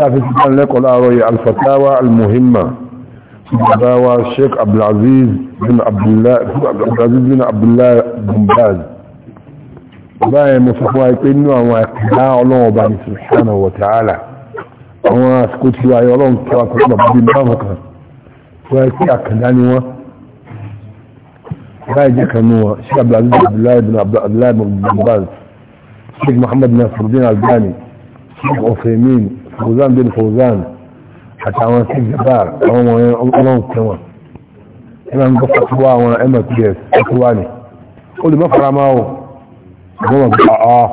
حافظ كان لك الآوي الفتاوى المهمة فتاوى الشيخ عبد العزيز بن عبد الله عبد العزيز بن عبد الله بن باز باي مصحوا يقينوا هو اقتداء الله بني سبحانه وتعالى هو اسكت في اي الله كما كنا بدين بامك ويكي اكداني هو باي جاك نوا الشيخ عبد العزيز عبد الله بن عبد الله بن باز الشيخ محمد ناصر الدين الباني fòzán bin fòzán àtàwọn sí jabar àwọn ọmọ ọlọ́run tẹ́wọ̀n ẹ̀mà ń gbọ́fà tó wá àwọn mps tó wá ní ó lè mọ́fara máa wọ̀ àwọn ọmọ gbà ọ́ ah, ah,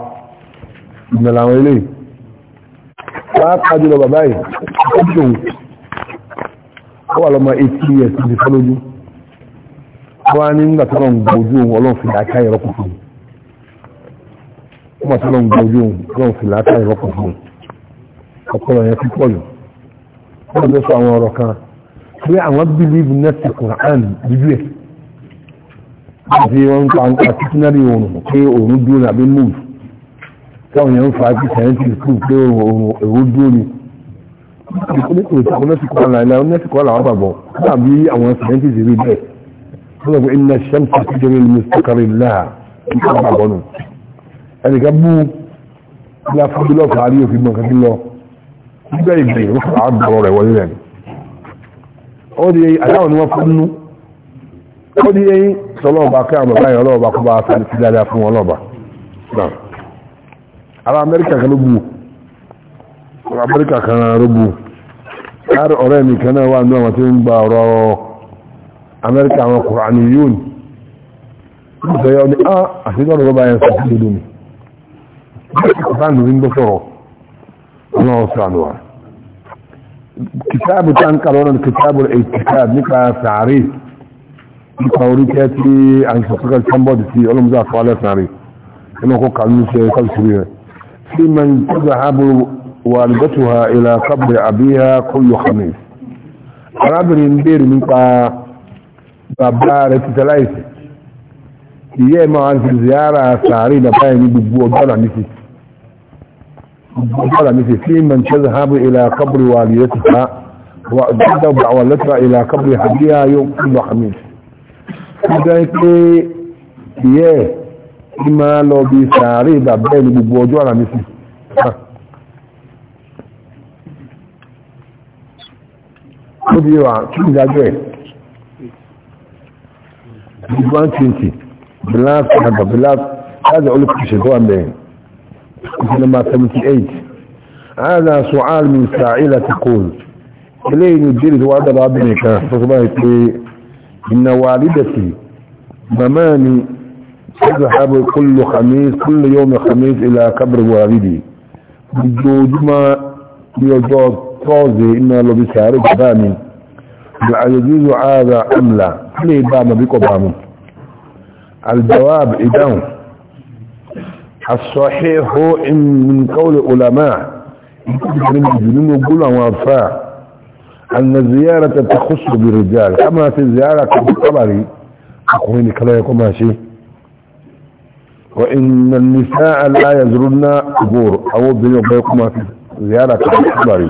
ìmọ̀lá àwọn ilé wọ́n á jùlọ bàbá yìí ó dùn ó wà lọ́mọ 18 years ti fọ́ lójú wọ́n á ní nígbà tó lọ́n gbójú òun ọlọ́run fi láàká ìrọ́pù fún un wọ́n tó lọ́n gbójú òun ọlọ́run fi láàká ìrọ́pù fún un ọpọlọ yẹn ti pọ̀jù wọ́n lè sọ àwọn ọ̀rọ̀ kan pé àwọn bílíìfù nẹ́ẹ̀sì Quran dúdú ẹ̀ àti wọ́n ń pa nípa títínárí oòrùn pé oòrùn dúró ní àbí move táwọn yẹn ń fa ti scientific proof pé oòrùn èrò dúró ni oníkùnrin tí àwọn nẹ́ẹ̀sì Quran láìláì nẹ́ẹ̀sì Quran làwọn bàbọ̀ tàbí àwọn scientific rí bẹ́ẹ̀ wọ́n lọ pé iná sẹ́ńtì kékeré ní mustaqarri láà nípa bàbọ̀ nù ẹnìkan bú ní afọ́jú lọ́ọ̀fà àríyòfin mọ̀ kankan lọ́ọ̀ nígbà ìgbà ìwé àádọ́rọ̀ rẹ̀ wọlé rẹ̀ ó di aláwọ̀ ni wọ́n fún nú ó di yẹn sọlọ́ọ̀bá kí àwọn bàbá yẹn ọlọ́ọ̀bá kó bá a sáré sí dáadáa fún wọn lọ́ọ̀bá ara amẹ́ríkà kan ló bu ara amẹ́ríkà kan ló bu káàrí ọ̀rẹ́ mi kan náà wà ní àwọn tí ń gba ọ̀rọ̀ amẹ́ríkà àwọn kùránì yóò ah, ní ìṣẹ́yọ́ ni á àti ìjọ́ ọlọ́wọ́ sàánù wa kìtàbù tán kàlọ́nà kìtàbù ìtìkàb nípa sàárè nípa orí kẹ́ tí a ń sọ̀tọ́kà tánbọ̀dì tí ọlọ́mọdé àfọwálẹ̀ sàárè nínú ọkọ̀ kàlùmí ṣe kọ́lùsùrù rẹ̀ sí man tọ́jà hábù wà lùgọ́tùwà ilà kọ́bù àbíyá kúlù khamis arábìnrin béèrè nípa bàbá rẹ̀ قال مثل في من تذهب إلى قبر والدتها وتذهب بعولتها إلى قبر حبيها يوم كل خميس فذلك إيه إما لو بيساري بابين ببوجو على مثل Kúdí wa kí ní dájọ́ ẹ̀? Bí 120, Bilal Kanada, Bilal, láti olùkùsẹ̀ tó wà mẹ́rin. هذا سؤال من سائلة تقول إليه نجلد وعد ربك إن والدتي مماني تذهب كل خميس كل يوم خميس إلى قبر والدي ما يوجد طوزي إن لو بسارك بامي لا يجوز هذا أم لا ليه بام بكو بام الجواب اذا الصحيح إن من قول علماء من يقول وفاء أن الزيارة تخص بالرجال كما في الزيارة بالقبر أقولين كلاكم ماشي وإن النساء لا يزرن قبور أو بينكما في زيارة القبر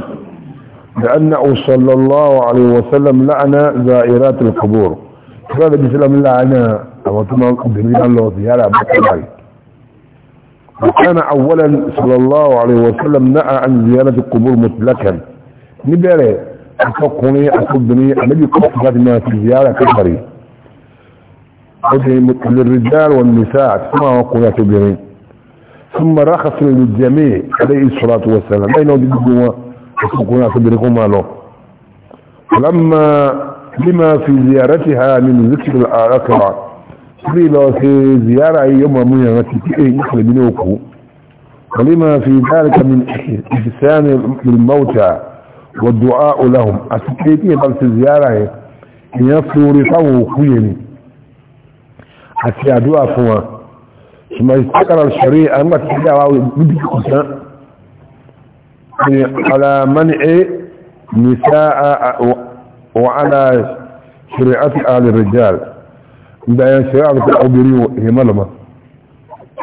لأنه صلى الله عليه وسلم لعن زائرات القبور كذا بسلام لعنى أو تمام قبرين الله زيارة بالقبر وكان اولا صلى الله عليه وسلم نعى عن زيارة القبور مطلقا نبالي اتقني اتبني النبي قصفت ما في زيارة كبري كفري للرجال والنساء ثم وقنا كبري ثم رخص للجميع عليه الصلاة والسلام اين وجدكم وقنا كبيركم له ولما لما في زيارتها من ذكر الآخرة ولما في ذلك من احسان الموتى والدعاء لهم اسكيتي بس زياره ينصر فوه كويني اسيا دعاء فوه ثم استقر الشريع اما على منع نساء وعلى شريعه اهل الرجال عند أن شريعة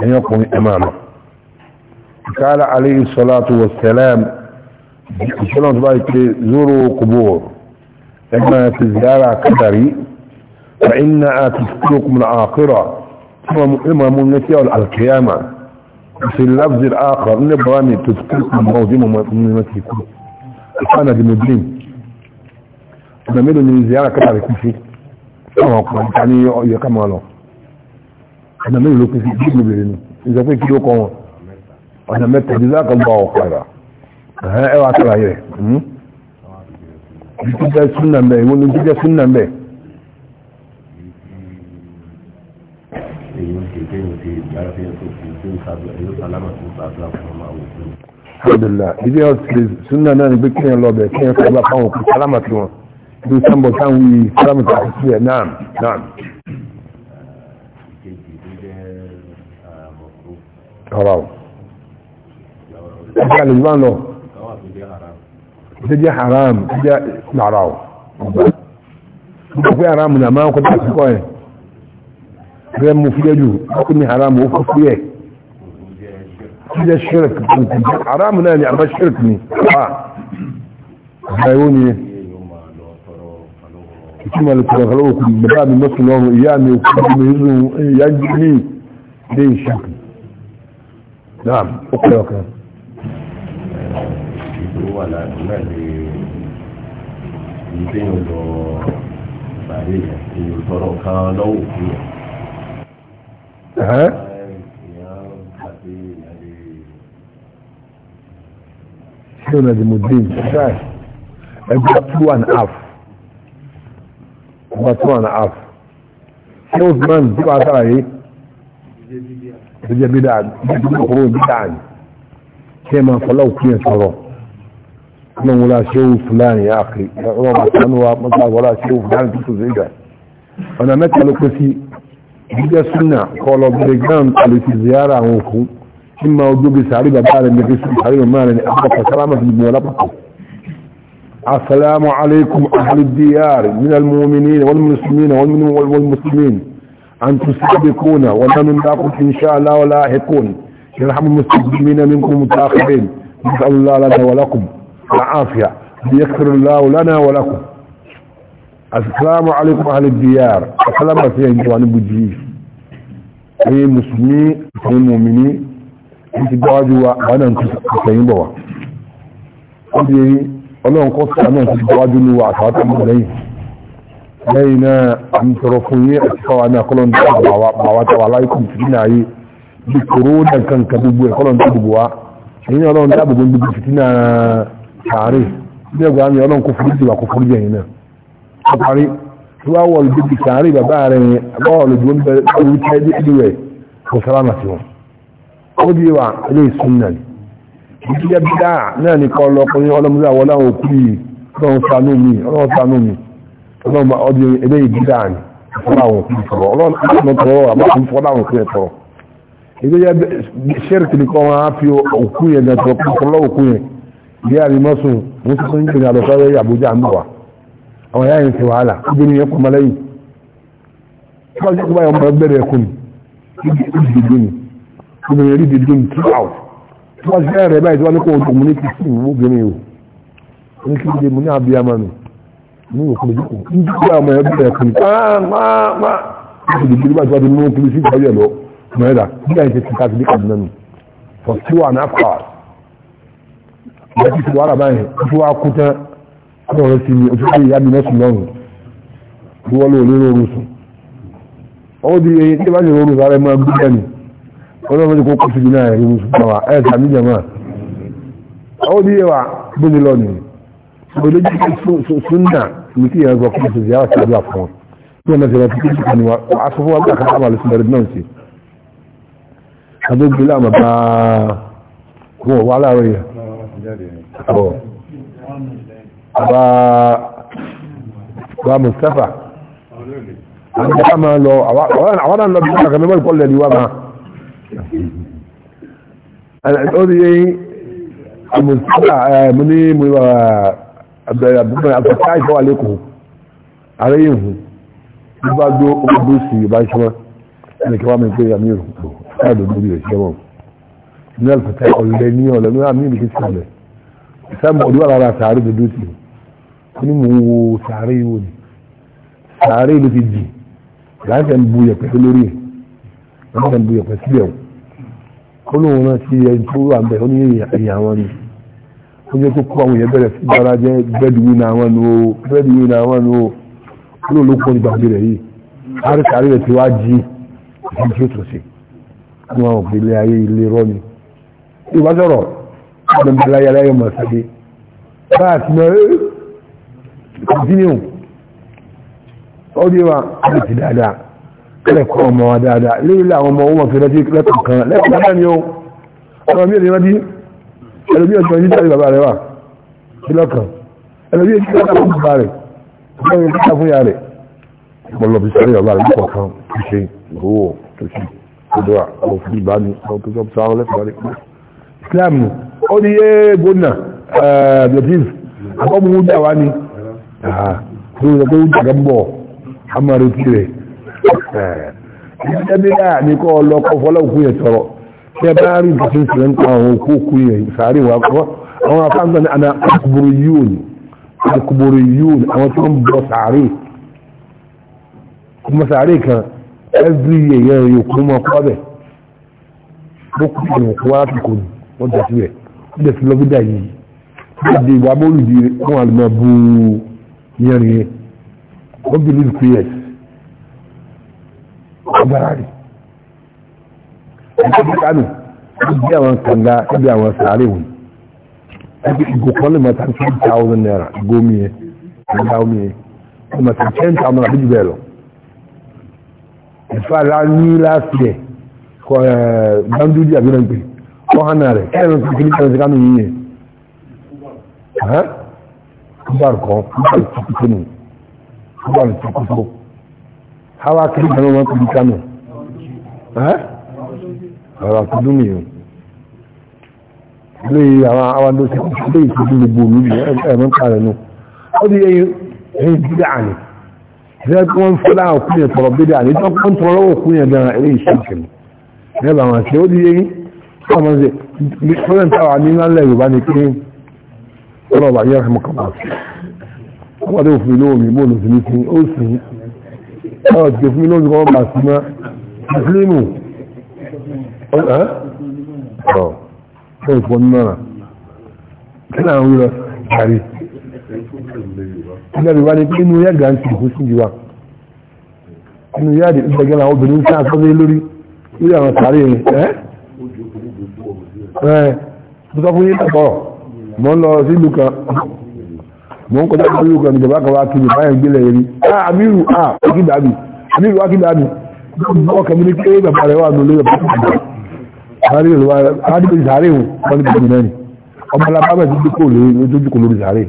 أن يقوم إماما قال عليه الصلاة والسلام في الزيارة كدري فإن آتفتوكم الآخرة إما من نسيع القيامة في اللفظ الآخر نبغاني تذكركم موزيم من نسيكم أنا دي مبين أنا àwọn ọkùnrin ta ní ọyọ ká máa lọ ọ̀nà mẹ́rin ló pín sí bí ìbéèrè nù ìjọ pé kí ló kọ́ wọn ọ̀nà mẹ́ta ìdílé àkọ́gbọ́ ọ̀pọ̀ ẹ̀rọ ẹ wá sára yẹ ìtú hmm? jẹ́ súnà mbẹ́ ìwọ́n ló jẹ́ súnà mbẹ́. alhamdulilah ìdí ọ̀sẹ̀ súnà náà ni pé kéèyàn lọ bẹ̀ kéèyàn fẹ́ bá fáwọn òkú sálámà sí wọn. سامبو تاوي كلام التحسية نعم نعم حرام كان الزمان له تجي حرام تجي نعراو في حرام من أمام قد أحسكوه غير مفيدو أكني حرام وفقيه تجي الشرك حرام الشركني ها ìtumọ̀ lè tọ̀rọ̀ kọlọ́wọ́ kù bàbá mi mọ́sù lọ́rùn ìyá mi òkú mi ìzù ìyá mi dé ìṣàkù náà ó pẹ́ ọ̀kan. ìlú wà náà lè ní bẹ́ẹ̀ lọ sàárè yẹn èèyàn tọrọ kan lọ́wọ́ òkú ọba two and a half ṣé Usman tí wàá sàlàyé ìdíje bídà ìdíje kúrò bídà ni ṣé máa fọlọ́ òkú yẹn sọ̀rọ̀ ọlọ́run wọlé aṣẹ́wó fúlàní àkè ọlọ́run àtàánú wa mọ́tà wọlé aṣẹ́wó fúlàní tó tòṣe ìgbà ọ̀nà mẹ́ta ló pé sí ìdíje súnà kọlọ bèrè gán àlè ti ziyara àwọn òkú tí máa ojú bí sàárì bàbá rẹ̀ ní fi sàárì màmá rẹ̀ ní àpapọ̀ sálámà ti gbìmọ̀ lápapọ̀ السلام عليكم أهل الديار من المؤمنين والمسلمين والمسلمين أن تسبقون ونحن نلاقكم إن شاء الله ولاحقون يرحم المستقبلين منكم متأخرين نسأل الله لنا ولكم العافية ليكثر الله لنا ولكم السلام عليكم أهل الديار السلام عليكم جوانب الجيش أي مسلمين أي مؤمنين أنت دواجوا وأنا أنت سيبوا أنت ọlọ́run kọ́ sí àmì àti ìgbàwájú ní wa àtàwátàmù lẹ́yìn lẹ́yìn náà àmì tọrọ fún yí àti fáwọn náà kọ́lọ́n tó àwátàwà láìkùn fìtínà ayé bí kòrónà kankan gbogbo ẹ̀ kọ́lọ́n tó gbogbo wa ẹ̀yìn ọlọ́run tó àbùgbò gbogbo fìtínà ààrẹ bí ẹgbẹ́ àmì ọlọ́run kò fúrú jù wà kò fúrú jẹ̀yìn náà ó tí wàá wọ̀ lójú bí sàárè bàbá rẹ̀ bọ́ọ̀lù lójú bẹ́ẹ̀ ìdíjẹ́ bídá náà nìkan lọ́kùnrin ọlọ́mọdé àwọn láwọn òkú yìí ọlọ́run ṣàánú mi ọlọ́run ṣàánú mi ọlọ́run ọdún eléyìí bídá ni fọláwọn òkú tọrọ ọlọ́run tọrọ àbáfún fọláwọn òkú yẹn tọrọ ìdíjẹ́ ṣẹ́rìkì nìkan wọn á fi òkú yẹn gan tọrọ fọlọ́ òkú yẹn bí a rí mọ́sùn wọ́n ti sọ́yìn kìnìún àlọ́sọ́rẹ́ àbújá ń bọ̀ wá àwọn yáyìn tí wọ́n fẹ́ rẹ̀ báyìí tí wọ́n ní kó o dùn mú ní kìsì ìwúbìnrin o ní kí ló dé mú ní abiyamọ nù ní òkú ìdíkù ní dúkú àwọn ọmọ ẹbí rẹ̀ kùn máa máa máa ní kìlì kìlì báyìí tí wọ́n ti mú kìlì sí ìgbà yẹ̀ lọ mọ̀ ẹ̀dà bí àyè ti ti ká kìlì kàdúnà nù for two and a half hours ìyá ti ti wà rà báyìí ó ti wá kú tán ọ̀rọ̀ rẹ̀ sì ni ó ti fi ìyá mi náà sùn lọ́rùn bí wọ́n lò ní rọrùn sùn di eyín tí wọ́n ti rọrùn sáré máa gbúdẹ̀ ọlọ́run kò kọ́ síbi náà rí musu pàwà ẹ̀ tàbí jẹ̀mọ́ ó ní ẹwà gbóni lọ́nà olójú súnà ní kí ìyẹn gbọ́kọ́ sí ìyá àti àdúrà fún wọn tí wọ́n ti rántí kíkì kan wa aṣọ fún wa bí àkàtà àmàlù sí mẹ́rin náà sí adógbé láàmà bá wọn wà láàárọ̀ yẹn ọ̀ bá Mustapha àwọn àmà lọ bí wọn kàn mẹ́wàá ìkọlẹ̀ máa ọdún yẹn àmùsílà mo ní mo wà àbẹ̀rẹ̀ àbúkọ̀ àfẹ́ká ìfọ́ àlékún ààrẹ yìí hù bí bá gbó ọdún sí ìbá ṣe wọn ẹni kí wọ́n mi pé àmì ìrùkù káàdùn lórí ẹ̀ṣẹ́ wọn ní àlùfẹ́ká ọ̀lẹ́ ní ọ̀lẹ́ ní àmì ìrùkù sílẹ̀ ìsáàmù ọdún wà lára sàárè dúdú sí ní mo wo sàárè yìí wò ní sàárè ló ti jì láti ẹ̀ ń bu yẹ̀pẹ̀ lórí ẹ̀ láti ẹ̀ ń bu yẹ̀pẹ̀ sílẹ̀ wọn olóhùn náà ti ẹni tó wà bẹ́ẹ̀ ó ní ìyà wọn ni ó jẹ́ kó kó àwọn èèyàn bẹ̀rẹ̀ sí bára jẹ́ bẹ́ẹ̀dùwì náà wọn ni ó bẹ́ẹ̀dùwì náà wọn ni ó olóhùn ló kọ́ nígbà òbí rẹ̀ yìí àríkàrí rẹ̀ ti wá jí ìdí tí ó tún sí àwọn òbí ilé ayé ilé rọ́ ni ìwà sọ̀rọ̀ ọ̀dọ̀mọdé láyé aláyé mọ̀ sáde bá ti mọ ẹ́ kọ́ntínú ọ́ kẹ́lẹ̀kọ́ ọmọ wa dáadáa lérílẹ̀ àwọn ọmọ wọn fi rẹ́tí lẹ́kọ̀ọ́ kan lẹ́kọ̀ọ́ dáadáa ni ó ọmọ bí ènìyàn bí ẹlòmí ọjọ́ yìí tàbí bàbá rẹ̀ wà sílọ́kàn ẹlòmí èjì tàbí bàbá rẹ̀ ọjọ́ yìí tàbí fúnyà rẹ̀ ọpọlọ fi sẹ́rẹ̀ ọba rẹ̀ lọ́kọ̀ kan tó ṣe ìgbówó tó ṣe ọdọ́ àwọn òfin ìbáni àwọn tó sọ́pọ̀ sáwọn lẹ́kọ̀ọ́ rẹ̀ Islam ó ní yé gómìnà eh, Abdulaziz ẹbí náà ní kọ́ ọlọ́kọ́ fọlọ́kù yẹn sọ̀rọ̀ tẹ bá rí nǹkan tó ń pa àwọn òkú yẹn sáré wa kọ́ àwọn afáǹsọ ní àná akuburu yóòn akuburu yóòn àwọn tó ń bọ sáré kọmọ sáré kan every year yẹn yòókù mọ kọ́ bẹ̀ bó kú ìrìn kó wá láti kò ní wọ́n jẹ́ sílẹ̀ ó jẹ́ sí lọ́gbídà yìí wọ́n bìlí agbára rẹ̀ ẹgbẹ́ bí kánù bí àwọn kànga ẹbí àwọn sàárè wù ẹbí ìgò kan lè mọ̀ta two thousand naira ìgò omi yẹn ìgbà omi yẹn lè mọ̀ta ten thousand àbí jù bẹ́ẹ̀ lọ ìfà rà ní láti ẹ̀ kọ ẹ̀ gbàndúdí àbí náà pè wọ́n hàn rẹ̀ kẹ́rin kò kìíní kẹ́rin kánù yìí yẹn kúbàrù kan kúbàrù tukutu nù kúbàrù tukutu hawa kiri kan wọn kiri kano ọ̀rọ̀ àkúdú mi o ilé àwọn awádó sí ilé ìtọ́jú gbogbo mi bí ẹ̀mọ́ kààrẹ̀ nù ó di ẹyin dídá àní ìṣẹ́ tí wọ́n fọ́lá òkú yẹn tọrọ bídá àní tó kọ́ ń tọrọ lọ́wọ́ òkú yẹn gan ilé ìṣẹ́kẹ̀ mi ẹ̀bà wọn ṣe ó di ẹyin tó àmọ́ ṣe fọ́lẹ̀ táwà ní lálẹ́ Yorùbá ni pé ọlọ́ọ̀bà yẹ́ ọ̀hẹ́mọ́kọ̀ọ́ ọ̀ jẹ́ fún ilé olùkọ́ bá sí mọ́ ìsìlímù ọ̀ ọ̀ ìfọ̀ náà kí náà ń lọ kárí ilé ìwà ni pé inú yàgà ń tìkú sí ìwà inú yàgà ìgbẹ̀gẹ̀ làwọn obìnrin ń sá sọ́dé lórí lórí àwọn sàárè ẹ̀ ẹ̀ mo sọ fún yín tàbọ̀ mo lọ sí ìlú kan mo ń kọjá pẹ̀lú ọkọ̀ ìjọba kan wá kiri báyìí gbélé rí àmìrù àkídàbì àmìrù àkídàbì ọkọ̀ mi ní pé bàbá rẹ̀ wà lórí ọ̀pọ̀ àádìbò ìsàárè wọn wọ́n ní bàbá mẹ́rin ọmọ alábábẹ̀ tó dúkò lórí lójúkò lórí ìsàárè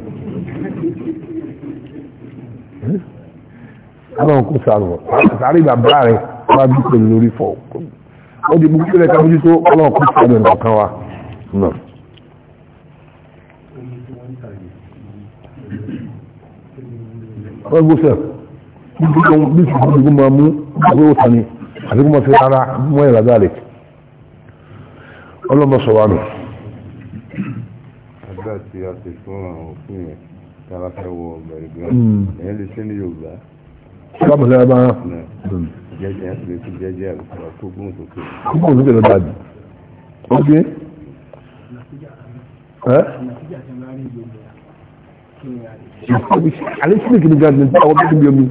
àwọn kò sàrọ̀ ìsàárè bàbá rẹ̀ wà dúkò lórí fọ̀ ó di gbogbo ẹ̀ka mójútó ọlọ́ọ̀kọ́ sọ̀rọ̀ nǹkan wa náà wọ́n gbóṣẹ̀ bí i ṣùgbọ́n gbogbo máa mú ọgbẹ́ òta ni àti gbogbo fi ara mọ́ ìrà dáre ọlọ́mọ sọ wà nù. àgbà tí a ti fún àwọn òfin yẹn tára fẹ́ wọ ọgbẹ̀rẹ̀ gbẹ́ hmm. ẹ̀yẹ́ lè ṣe ní Yorùbá. sábà lẹ́yìn bá hmm. jẹ́jẹ́ lè fi jẹ́jẹ́ àgbà tó gbóhùn sókè. gbóhùn sókè ló dáa jù. ó gbé. ẹ́ ale sini kini gan nin awo bɛ bi mi.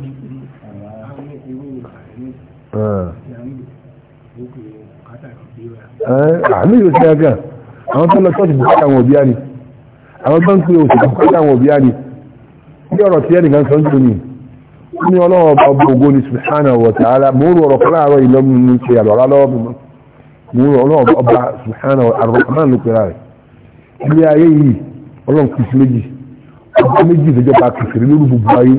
àmì yóò ṣe aga àwọn tó lọ sọ́ọ̀tì bùkátà wọn òbí á ni àwọn tó ń pè òṣèlú bùkátà wọn òbí á ni ní ọ̀rọ̀ tí ẹnìkan sọ ń jò ní ó ní ọlọ́wọ́ ọba ọba ògo ni subhanahu wa ta'ala mo rú ọ̀rọ̀ kọ́lá àárọ̀ ìlọ́mù ní ṣe àlọ́lá lọ́wọ́ mi mo rú ọlọ́wọ́ ọba subhanahu wa ta'ala ló pera rẹ̀ ilé ayé yìí ọlọ́run kìí méjì ọba méjì ìjọba kẹsìrì lórí gbogbo ayé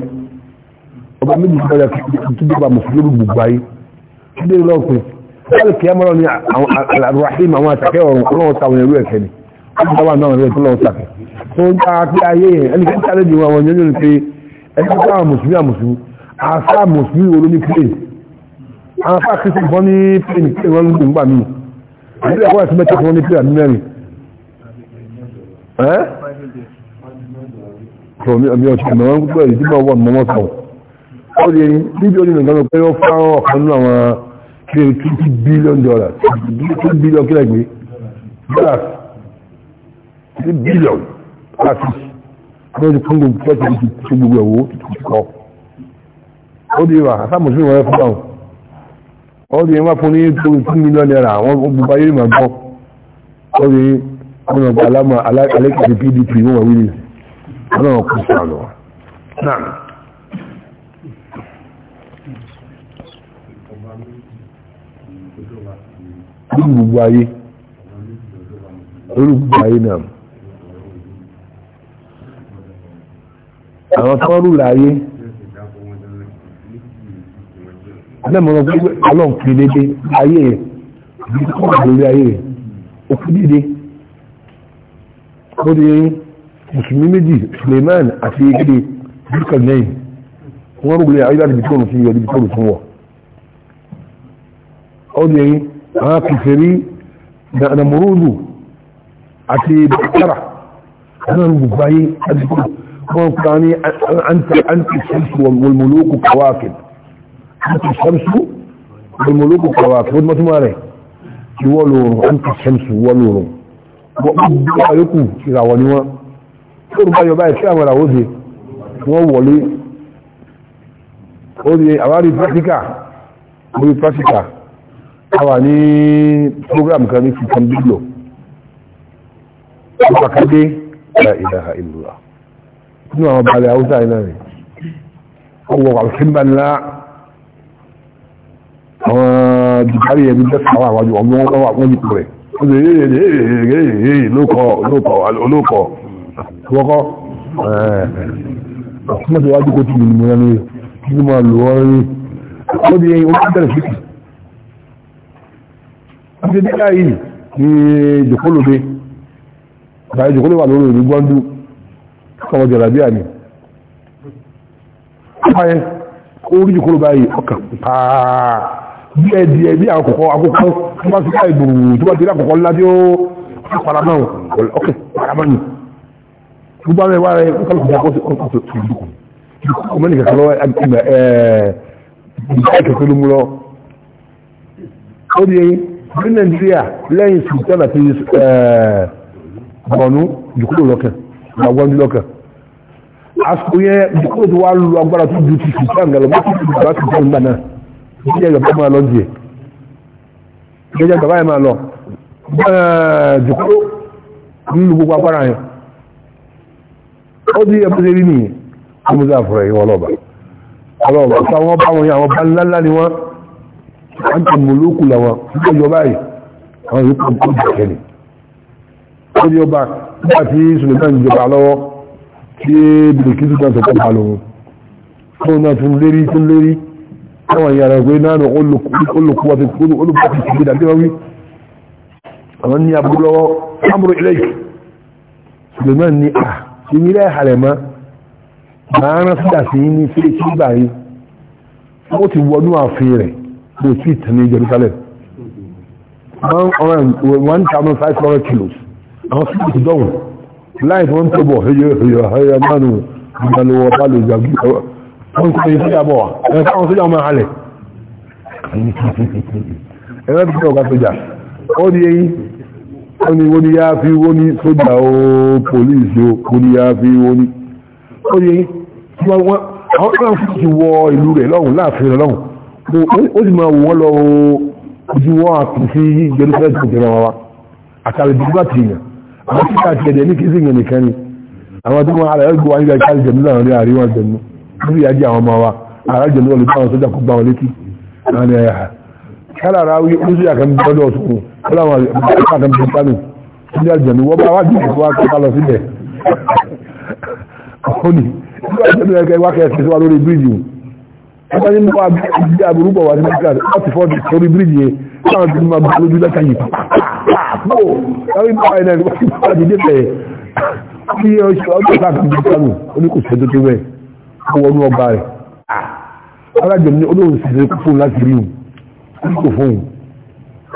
ọba méjì ìjọba kẹsìrì ìjọba mùsùlùmí lórí gbogbo ayé kí lè lọ pé wọ́n kì í mọ́rọ̀ ní àlàrúwáhìm àwọn àtàkẹ́ ọ̀run ọlọ́wọ́ sáwọn ẹrú ẹ̀kẹ́ ni wọ́n dáwà náà rẹ̀ tó lọ́wọ́ sàkẹ́ tó ń dá pé ayé yẹn ẹni kẹta lè dìwọ̀n àwọn yẹn pé ẹni tó àwọn mùsùlùmí àmùsùlùmí àṣà mùsùlùmí wo ló ní plane àwọn afá kìí bọ́ ní plane pé wọ́n ń gbìn gbà mí àbí ẹ̀kọ́ ẹ̀sìn mẹ́ta sọ mi ọ̀sẹ̀ mọ̀ wọ́n gbọ́ ìdí mọ̀ wọ́n mọ̀ sọ ó lè níbi orí nìkan pé ó fá ọ̀kan nínú àwọn kí ni twenty billion dollars two billion kí lẹ́gbẹ̀ẹ́ dollars three billion láti wọ́n ti kún gbogbo pẹ́ẹ́tì ti tó gbogbo ẹ̀wọ́ kọ́ ó lè wà àtàmùsùn wọn fún àwọn ó lè wá fún ní two million naira àwọn gbogbo ayé mà gbọ́ ó lè wọn gbà alámà alẹ́kẹ̀ẹ́ pdp wọn wà wílì ọlọ́run kò sànù wa náà lórí gbogbo ayé lórí gbogbo ayé náà àwọn tó rú láyé alẹ́mọ̀ràn gbogbo ọlọ́run kì í dédé ayé rẹ̀ bí kọ́ lórí ayé rẹ̀ òkú dédé ó dé musulmi méjì suleiman àti egede dukkan lẹ́yìn wọ́n rúgbìn ayé láti bitọ́nù sí ìyọ̀ bitọ́nù fún wọ́ ọdún yẹn àwọn kìfèrí nàmúrúdù àti bàtàrà àwọn gbogbo ayé àti wọ́n kọ́ ní àǹtí sàmsù wọlmọlókù kawákì àǹtí sàmsù wọlmọlókù kawákì wọ́n mọ́túnmọ́ rẹ̀ kí wọ́n lòrùn àǹtí sàmsù wọ́n lòrùn wọ́n gbogbo ayé kù ìràwọ̀ ni wọ́n tóòrù bá yọba ìṣẹ́ àwọn àwọn òde wọ́n wọlé òde àwárí pàtíkà orí pàtíkà àwà ní program kan ní fìkan bíblò pàkàdé la ilaha illallah nínú àwọn balẹ̀ haúsá iná rẹ̀ ọwọ́ àfihànlá àwọn jùkárí ẹni dẹ́sà wà wájú ọgbọ́n wọ́n wà wọ́n jù rẹ̀ ó sì lókọ̀ olókọ̀ wọ́kọ́ ọ̀túnmọ̀ tó wájú kó tì nínú mìíràn ní kí ló máa lò wọ́n rí ó di ẹyin ojú bẹ̀rẹ̀ sí kì í ṣe dídá yìí ní jòkólóbe àbáyé jòkóló wà lórí ìlú gbọ́ndú kọ́mọ jàlábí àmì àbáyé orí jòkóló báyìí ọkà pàà díẹ̀ díẹ̀ bí àkókò àkókò tó bá ti ká ìgbòrò tó bá ti rí àkókò ńlá tí ó pàràmọ́ ọkà pàràmọ́ yìí gbogbo àwọn ẹwà rẹ̀ kọ́lọ̀ kọ́lọ̀ kọ́sí ọ̀pọ̀ tó dùkù ọmọ nìkan kọ́lọ́ ẹgbẹ̀ ẹ̀ẹ́dẹ̀ tó lómú lọ ó di ní nàìjíríà lẹ́yìn sultan àti bọ̀nú dùkúrò lọ́kàn àwọn lọ́kàn àsìkò yẹn dùkúrò tó wá lu agbára tó ju ti sultan gàlọ́ mọ́tò tó bá sultan gbà náà bí ẹ̀yà bá máa lọ díẹ̀ bí ẹ̀yà máa lọ dùkúrò nínú gbogbo agbára yẹn ó dí ẹ̀pọ̀ sí rí ní ọmọdé àfúrẹ̀ ìwọ̀n ọlọ́ba ọlọ́ba sáwọn bá wọn ní àwọn bá ńláńlá ni wọ́n wọ́n tẹ̀ mú lókù làwọn nígbà ìjọba yìí àwọn yìí kò tó jẹ́ ni ó dí ọba nígbà tí sùnìkan ìjọba lọ́wọ́ tí bìrìkìtì kan sọ̀tọ̀ bá lòun tó náà tún lérí tún lérí táwọn yàrá pé náà nù olùkúwa ti kúrò èyí rẹ̀ halẹ̀ mọ́ máa rán sídà sí ní fílẹ̀ tí gbà yìí ó ti wọnú ààfin rẹ̀ bó sì tàn ní Jerusalem one thousand five hundred kilos àwọn sídà ti dọ̀wọ̀n láì tí wọ́n tó bọ̀ ẹyọ ẹyọ ẹyọ mánu ìgbàlówó bálò ìgbàgbé wọ́n kọ́ yìí sídà bọ̀ ẹ̀ káwọn ó ní wọ́n ni yá fi wọ́n ní sójà o pòlíìsì o wọ́n ni yá fi wọ́n ní ó ní àwọn kan fún ti wọ ìlú rẹ̀ lọ́hùn láàfin lọ́hùn ó sì máa wọ́n lọ ojú wọn àti sí Jerusalem tó wa àtàrí ìdígbà tì yàn àwọn tí ká tiẹ̀ ní kí sì yàn nìkan ni àwọn tó wọn àlàyé gbọ́ ayélujára káàlì jẹ̀mú náà ní àríwá jẹ̀mú níbi ìyájí àwọn ọmọ wa àrá jẹ̀mú náà lè bá àwọn sójà kó gbá wọn létí láàrin ẹ̀yà kálára wí ó sì yà kan bọ́dọ̀ ọ̀tún aláwọ̀ àkàtà mọ̀ pálí ilé àjẹ̀nú wọ́n bá wájú ìfẹ́ wá kọ́kọ́ lọ sílẹ̀ ọ̀hún ni ilé àjẹ̀nú ẹgbẹ́ wá kẹsì sí wa lórí bíríjì wọ́n ní mọ́ àbí àbúrú bọ̀ wá sí mẹ́kà láti fọ́ lórí bíríjì yẹn láwọn ti máa gbọ́ lójú lẹ́ka yìí pàápàá láwọn ìgbà ẹ̀nà ìgbà tí wọ́n ti dé tẹ̀ kí ọjọ́ ìgbàkan ti sánù oníkùsẹ̀ tó tó wẹ̀ wọnú ọgbà rẹ̀ alájọ̀ ní olóhùn sì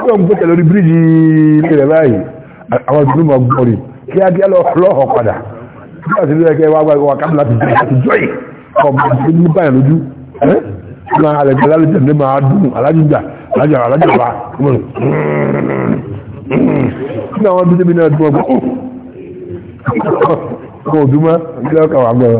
wọ́n ń gbẹ́kẹ̀ lórí bíríjì ilẹ̀ báyìí àwọn ìdúró máa gbọ́ rí kí á díẹ̀ lọ́ọ̀họ̀ padà bí wọ́n ti rí ẹgbẹ́ wá wá kábí láti jẹ́ láti jọ́ yìí ọmọ ìdúró ní báyìí lójú ẹ́ ní alẹ́gbẹ́ lálẹ́jẹ̀ ní máa dùn alájìjà alájà alájà wa hmm. ní àwọn bí débi náà dùn ọgbọ́n ọmọ òdùmá ní ọkà wà gbọ́n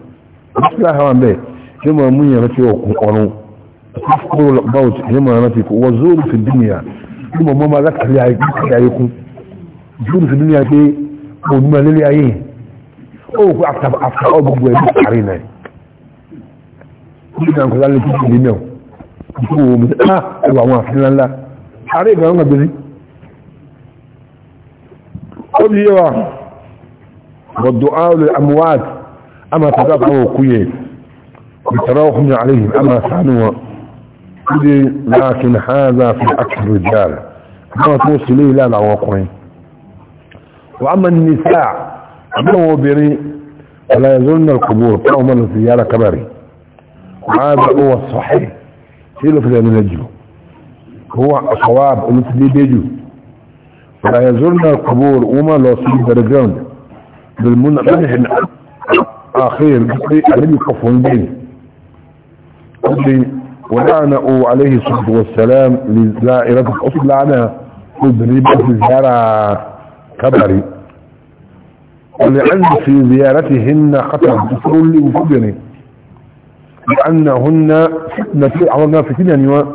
ìsìlá àwọn bẹ́ẹ̀ yóò máa mú yẹn rántí ọkùn ọrùn kúrò báwùt yóò máa rántí kò wọ́n zóòrù fi dín nìyà yóò máa mọ́ máa lákàrí ayé kún zóòrù fi dín nìyà pé òun máa lélẹ̀ ayé ó kó àfà ọ gbogbo ẹbí kárí náà yóò máa kọ́lá létí ìdílé náà àwọn àfi أما تدافعوا قوية بتراوحهم عليهم أما سعنوا لكن هذا في أكثر الرجال أما توصل ليه لا العواقعين وأما النساء أما هو بريء ولا يزلنا القبور من الزيارة كباري هذا هو الصحيح سيلو في النجو هو صواب دي بيجو ولا يزلنا القبور وما لو سيد بالمنح اخير بقي الذي كفون به قلي ولعنه عليه الصلاة والسلام لزائرة أصل لعنها قدري في زيارة كبري ولأن في زيارتهن خطر بسر لي وفجري لأنهن فتنة عملنا فتنة نواء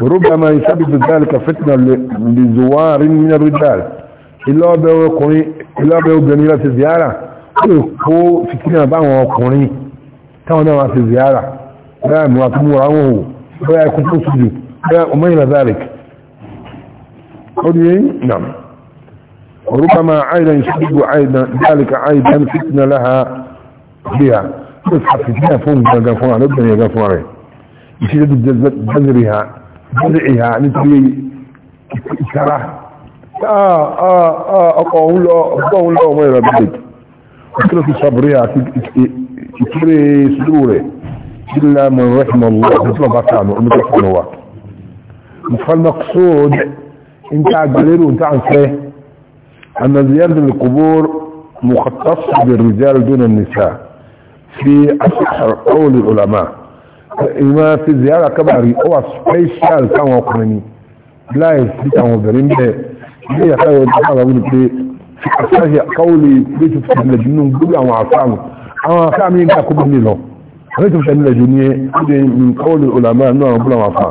وربما يسبب ذلك فتنة لزوار من الرجال إلا بيوقني إلا بيوقني زيارة yóò kó fìtínà báwọn ọkùnrin táwọn náà wá sí ziyara bẹ́ẹ̀ mú àtúmúra wọn hù bẹ́ẹ̀ kú tó sùjù bẹ́ẹ̀ ọmọ ìlà zarik ó ní nà orúkàmà àìdá ìṣòdìbò àìdá zálika àìdá fìtínà láha bíyà yóò fà fìtínà fún gangan fún àlóbìnrin gangan fún rẹ̀ ìṣẹ́jú jẹ́zìrìhà jẹ́zìrìhà nítorí ìkara ọkọ̀ òun lọ ọmọ ìlà zarik كثرة صبرها كثرة سروره إلا من رحم الله مثل ما كانوا المتحن هو فالمقصود انت عجلين وانت عن فيه أن زيارة القبور مختصة بالرجال دون النساء في أسحر قول العلماء إما في زيارة كباري أو سبيشال كان وقرني لا يستطيع مدرين به ليه يخير الله fi àṣàṣe káwọlè bí tó fi lẹ̀jù nínú gbogbo àwọn àfáàmù àwọn àfáàmù yìí kó bí lọ àwọn tó fi lẹ̀jù ní ẹ ṣe ní káwọlè olàmà náà wọn búra wọn fà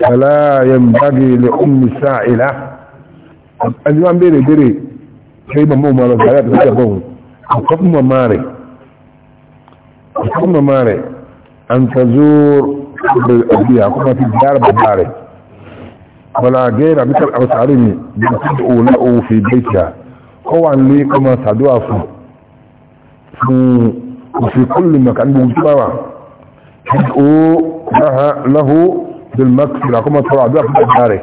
ṣàlàyé mbàgì lè ọmọ sáà ìlà ẹni wọn béèrè béèrè ṣe ìbọn mọ́ ọmọ rẹ̀ tó ṣe bọ́ọ̀ ọkọ̀ fún mọ́ máa rẹ̀ ọkọ̀ fún mọ́ máa rẹ̀ àǹtàzóòr ọ̀bí àkọ́kọ́ ti dára bàbá rẹ̀ ولا غير بكر أو تعليمي بنتدعو له في بيتها kọ́ wà nílé kọ́ máa sàdúrà fún fún òfin kúlù mẹ́ka ní gbogbo bá wà ó láhó bilmakir kọ́ máa tọrọ àdúrà fún ọ̀gá rẹ̀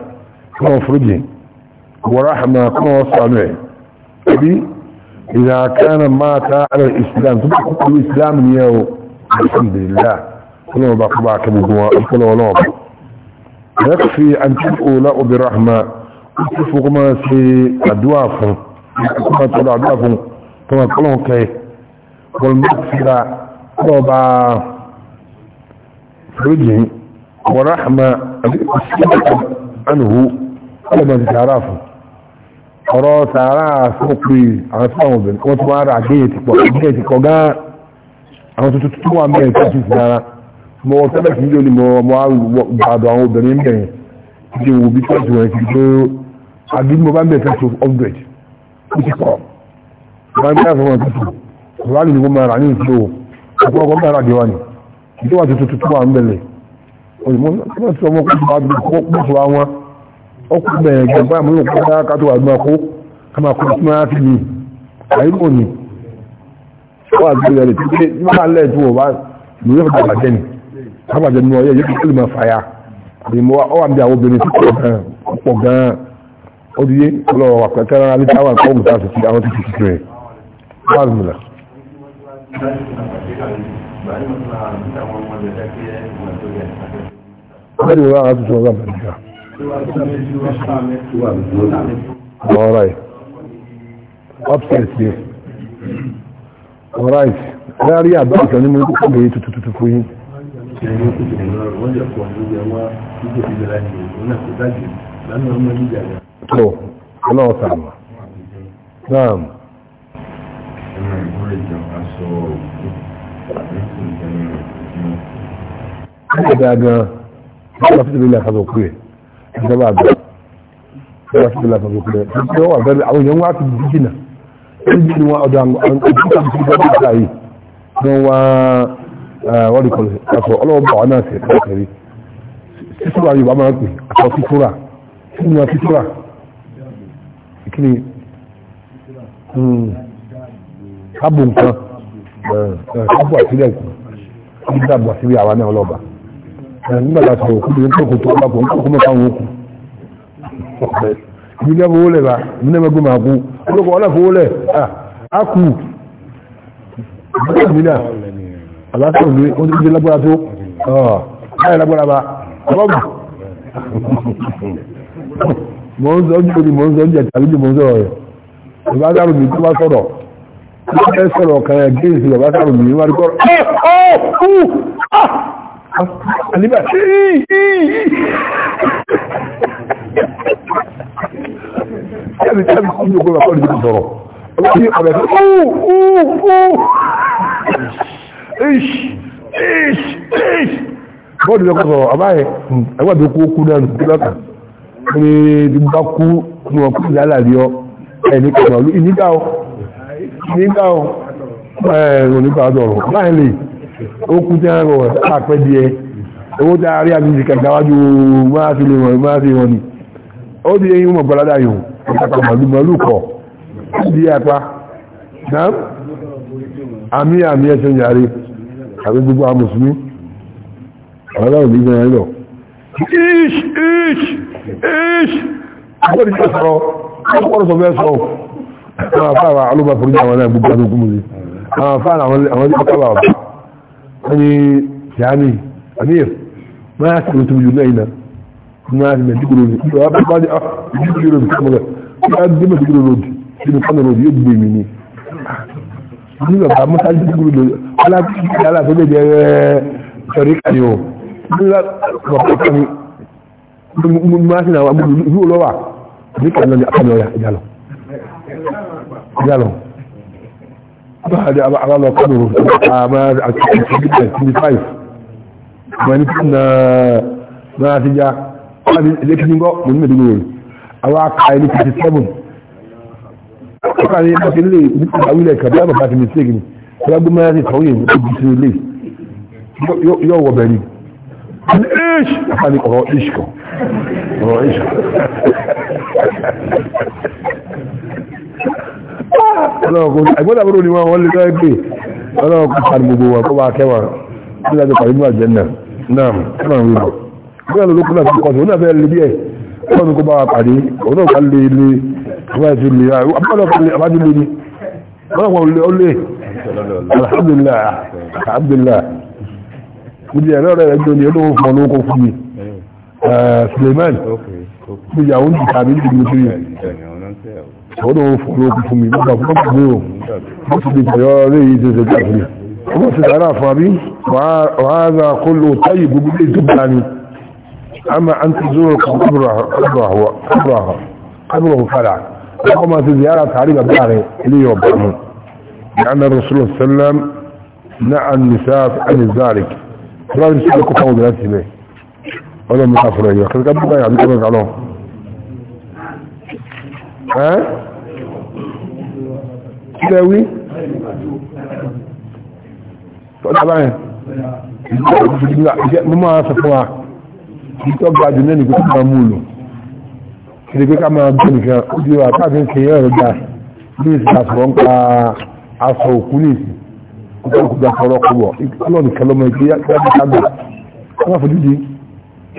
kọ́ máa fúrújì wọ́rọ̀ àmà kọ́ máa sànú ẹ̀ ẹbí إذا كان مات على الإسلام ثم كل الإسلام يو الحمد لله كلهم بقبع كبقوا كلهم لهم يكفي أن تدعو له برحمة وتفق ما في أدوافه kuma tọrọ àdúrà fún tọmọ kọlọ̀n kẹ wọlmọ́síra lọ́ba fúrújì wọ́n ráhàmà àdúgbò ọlọ́mọ ti sàárà fún ọ̀rọ̀ sàárà sọ́pì àwọn tí àwọn obìnrin wọ́n tún wá rà gẹ́yẹ̀ ti pọ̀ gẹ́yẹ̀ ti kọ̀ gán àwọn tuntun tó wà mẹ́rin tó ti sàárà mọ́ wọ́n tẹ́lẹ̀ kìí lónìí mọ́ mọ́ àgbàdo àwọn ó ti pọ̀ ìbáyé báyà fún wọn tuntun ìwà lè gbọ́n mara ní ìṣó ọ̀pọ̀ ọgbọ́n mara di wa ni ìjọba tuntun tuntun wà ń bẹ̀lẹ̀ òyìnbó sọ wọn kó tó àdúgbò kó kó tó àwọn ọkùnrin bẹ̀rẹ̀ gbẹ̀gbẹ̀ àmúlò kó dáa ká tó àdúgbò kó ká máa kó tó máa fi yìí àyíkò ni wọ́n àdúgbò rẹ̀ tí pé wọ́n máa lẹ́ẹ̀ tó wọ́n bá lórí ọ̀dà àbàjẹ́ ni àbàjẹ́ ni wọ́n yẹ yóò kó lè máa fàyà àbí wọ́n wà ní àwọn obìnrin tó pọ̀ gan-an odiye ọlọ́wọ́ wà pẹ̀kẹ́rẹ́ alẹ́ táwọn ẹ̀kọ́ òmùtà sí ti àwọn títí kìkìrẹ̀ wàzùmùlà ọdún wà láti sọ ọgbà mẹ́ta alright upstairs there alright láàrí àbá ìkan ní mo ní kókó bèèrè tututu fún yín Ìjọba ìjọba ìjọba ìjọba ìjọba ìjọba ìjọba tó ọlọ́wọ́ sàmà náà Ẹgbẹ́ dáadáa, ọjọ́ fíjìlì ilẹ̀ àfàzọ̀ kúrẹ̀, ìjọba àgbà, ọjọ́ fíjìlì àfàzọ̀ kúrẹ̀, ìjọba wà bẹ́rẹ̀ àwọn èèyàn wá ti jíjìnà, ìjọba wọn ọ̀dọ̀ àwọn ìjọba ìjọba ìjọba yìí, wọ́n wá wọ́n rí kọlù ẹ̀kọ́ ọlọ́wọ́ bọ̀ wọn náà sí ẹ̀kọ́ kẹrí. Sísúra Yorùbá máa ń pè, àkọ́ sísúra, sínú sísúra, kíni hmm. kábù nǹkan eh, eh, kábù àtìlẹ̀ kù kí dàbò àtìlẹ̀ àwa náà lọ́ba eh, nígbà tá a sọ̀rọ̀ kó bìnrin tó kò tó ọba kò ń kókó mọ́ta wọn kù ibi ní ẹgbẹ́ wọlé bá mi náà gbé màá kú olóko ọlọ́kọ̀ wọlé a kù bẹ́ẹ̀ mi náà aláṣọ mi ó ti di lágbára tó báyìí lágbára bá ọlọ́gbà mọ̀ ń sọ jù ní mọ̀ ń sọ jù tàbí jù mọ̀ ń sọ̀rọ̀ rẹ̀ bàbá dàrú mi tó bá sọ̀rọ̀ wọ́n fẹ́ sọ̀rọ̀ kan ẹ̀ gé ìsìn bàbá dàrú mi wá kọ́ àníbà tẹ́lẹ̀ tẹ́lẹ̀ kí ló gbé bàbá òdìbò sọ̀rọ̀ ọlọ́run ní ọ̀rẹ́ tó ish ish ish bọ́ọ̀dù lọ́kọ̀ sọ̀rọ̀ àbáyé ẹgbẹ́ àti okú okú náà lùkú lọ́kàn ní bá kú ní ọkú ìlàlàrí ọ ẹni kọ̀ọ̀lú ìnígbà ọ nígbà ọ onígbà ọdọ̀rọ̀ láì lè ó kú tí wọ́n a rí àbíjì kàgbáwájú máa fi lè wọ̀n máa fi wọ̀n ni ó di eyín mọ̀ gbọ́ládà yòó ìtàkà màlúù màlúù kọ̀ di apá náà àmì àmì ẹsẹ̀ yàrí àbí gbogbo àmùsùnmí ọlọ́run ní ish àbọ̀dì tó sọ̀rọ̀ ọ̀pọ̀lọpọ̀ sọ bẹ́ẹ̀ sọ̀rọ̀ àwọn afá àwọn alóba forí àwọn náà gbogbo àdókùn mu ni àwọn afá àwọn ọjọ́ kọ́lá ọ̀bá wọ́n ni tíáni amir máa ti lọ́tọ́ yóò náà iná máa ti mẹ́tíkúrò ní ìlú abẹ́kọ́ ní ìdíkúrò ní kọ́mọ́lẹ̀ máa dé mẹ́tíkúrò lòdì nínú kọ́nà lòdì yóò gbé mi ni ní bàbá mọ́tà dídíkúrò lòdì alákùnrin alákùnrin jẹ́ sọ̀rí kàní o mo máa ń sin àwọn abúlé ìlú olówà ní kàlọ́ ní àkàlọ́ ya ìjà lọ. ìjà lọ. báyìí abalọ kọ́dùrù àmà àti ìdílé twenty five àwọn ẹni tún náà náà ti já wọ́n ti ilé kí ní gbọ́ mo ní mẹ́rin lóore àwọn aka ẹni twenty seven ọkà ní láti ilé ìgbàwílẹ̀ kàbí àbàbà ti mistake ni ọlọ́gbọ́n máa ń sin tọ́wọ́ yẹn ó ti di sí ilé yóò wọ̀ bẹ̀rẹ̀ ايش يعني رئيسكم رئيسكم ọlọ́ọ̀kùn àgbọ́dà búrò ní wọn wọ́n lè lọ́ẹ́ pé ọlọ́ọ̀kùn sàrùgbogbo wọn kó bá kẹwàá ní àjọ pàdé níwà jẹ́ náà náà kọ́nà rí lọ bóyá lókù náà fi kọ́sù náà fẹ́ lè bí ẹ̀ kọ́nà kó bá wa pàdé òun náà lè lè àbájú lè ní ọlọ́ọ̀kùn lè alhamdulillah alhamdulillah níbi ẹ̀rọ rẹ̀ jọ ní olówó fún olóko fún mi Suleiman níbi ìyàwó ní ìta mi ní ìlú kiri olówó fún olóko fún mi nígbà fún ọkùnrin o wọ́n ti di ìpẹ̀yọ́ rẹ̀ yìí ṣe ṣe káàkiri wọ́n ti dára fún abí wàhálà kó lò táyì gbogbo ilé tó bá ní àmà àǹtí zoro kábùrọ̀ fara wọ́n máa ti ziyara tàrí bàbá rẹ̀ ilé yọ̀ bàmù لأن الرسول صلى الله عليه وسلم نعى النساء عن ذلك ọlọ́run sí ọkọ̀ fáwọn obìnrin sílẹ̀ ọlọ́run mú káfọ́rọ̀ yọ kẹ́kẹ́ bí báyà ní kọ́nà kálọ̀ ẹ́ ilẹ̀ wí tọ́jà báyìí mo máa sọ fún wa ìtọ́ ga jù náà nìkan tó máa mú lò kìdí ká máa gbé nìkan ó di kìí ẹ̀rọ gbà ní ìsìnkà sọ̀rọ̀ ń pa aṣọ òkú nìsí kúgbà fọ́rọ́ kú wọ̀ ọlọ́ọ̀nì kẹlọ́mọ ìgbé yàtọ̀ kágbà wọ́n fòjú di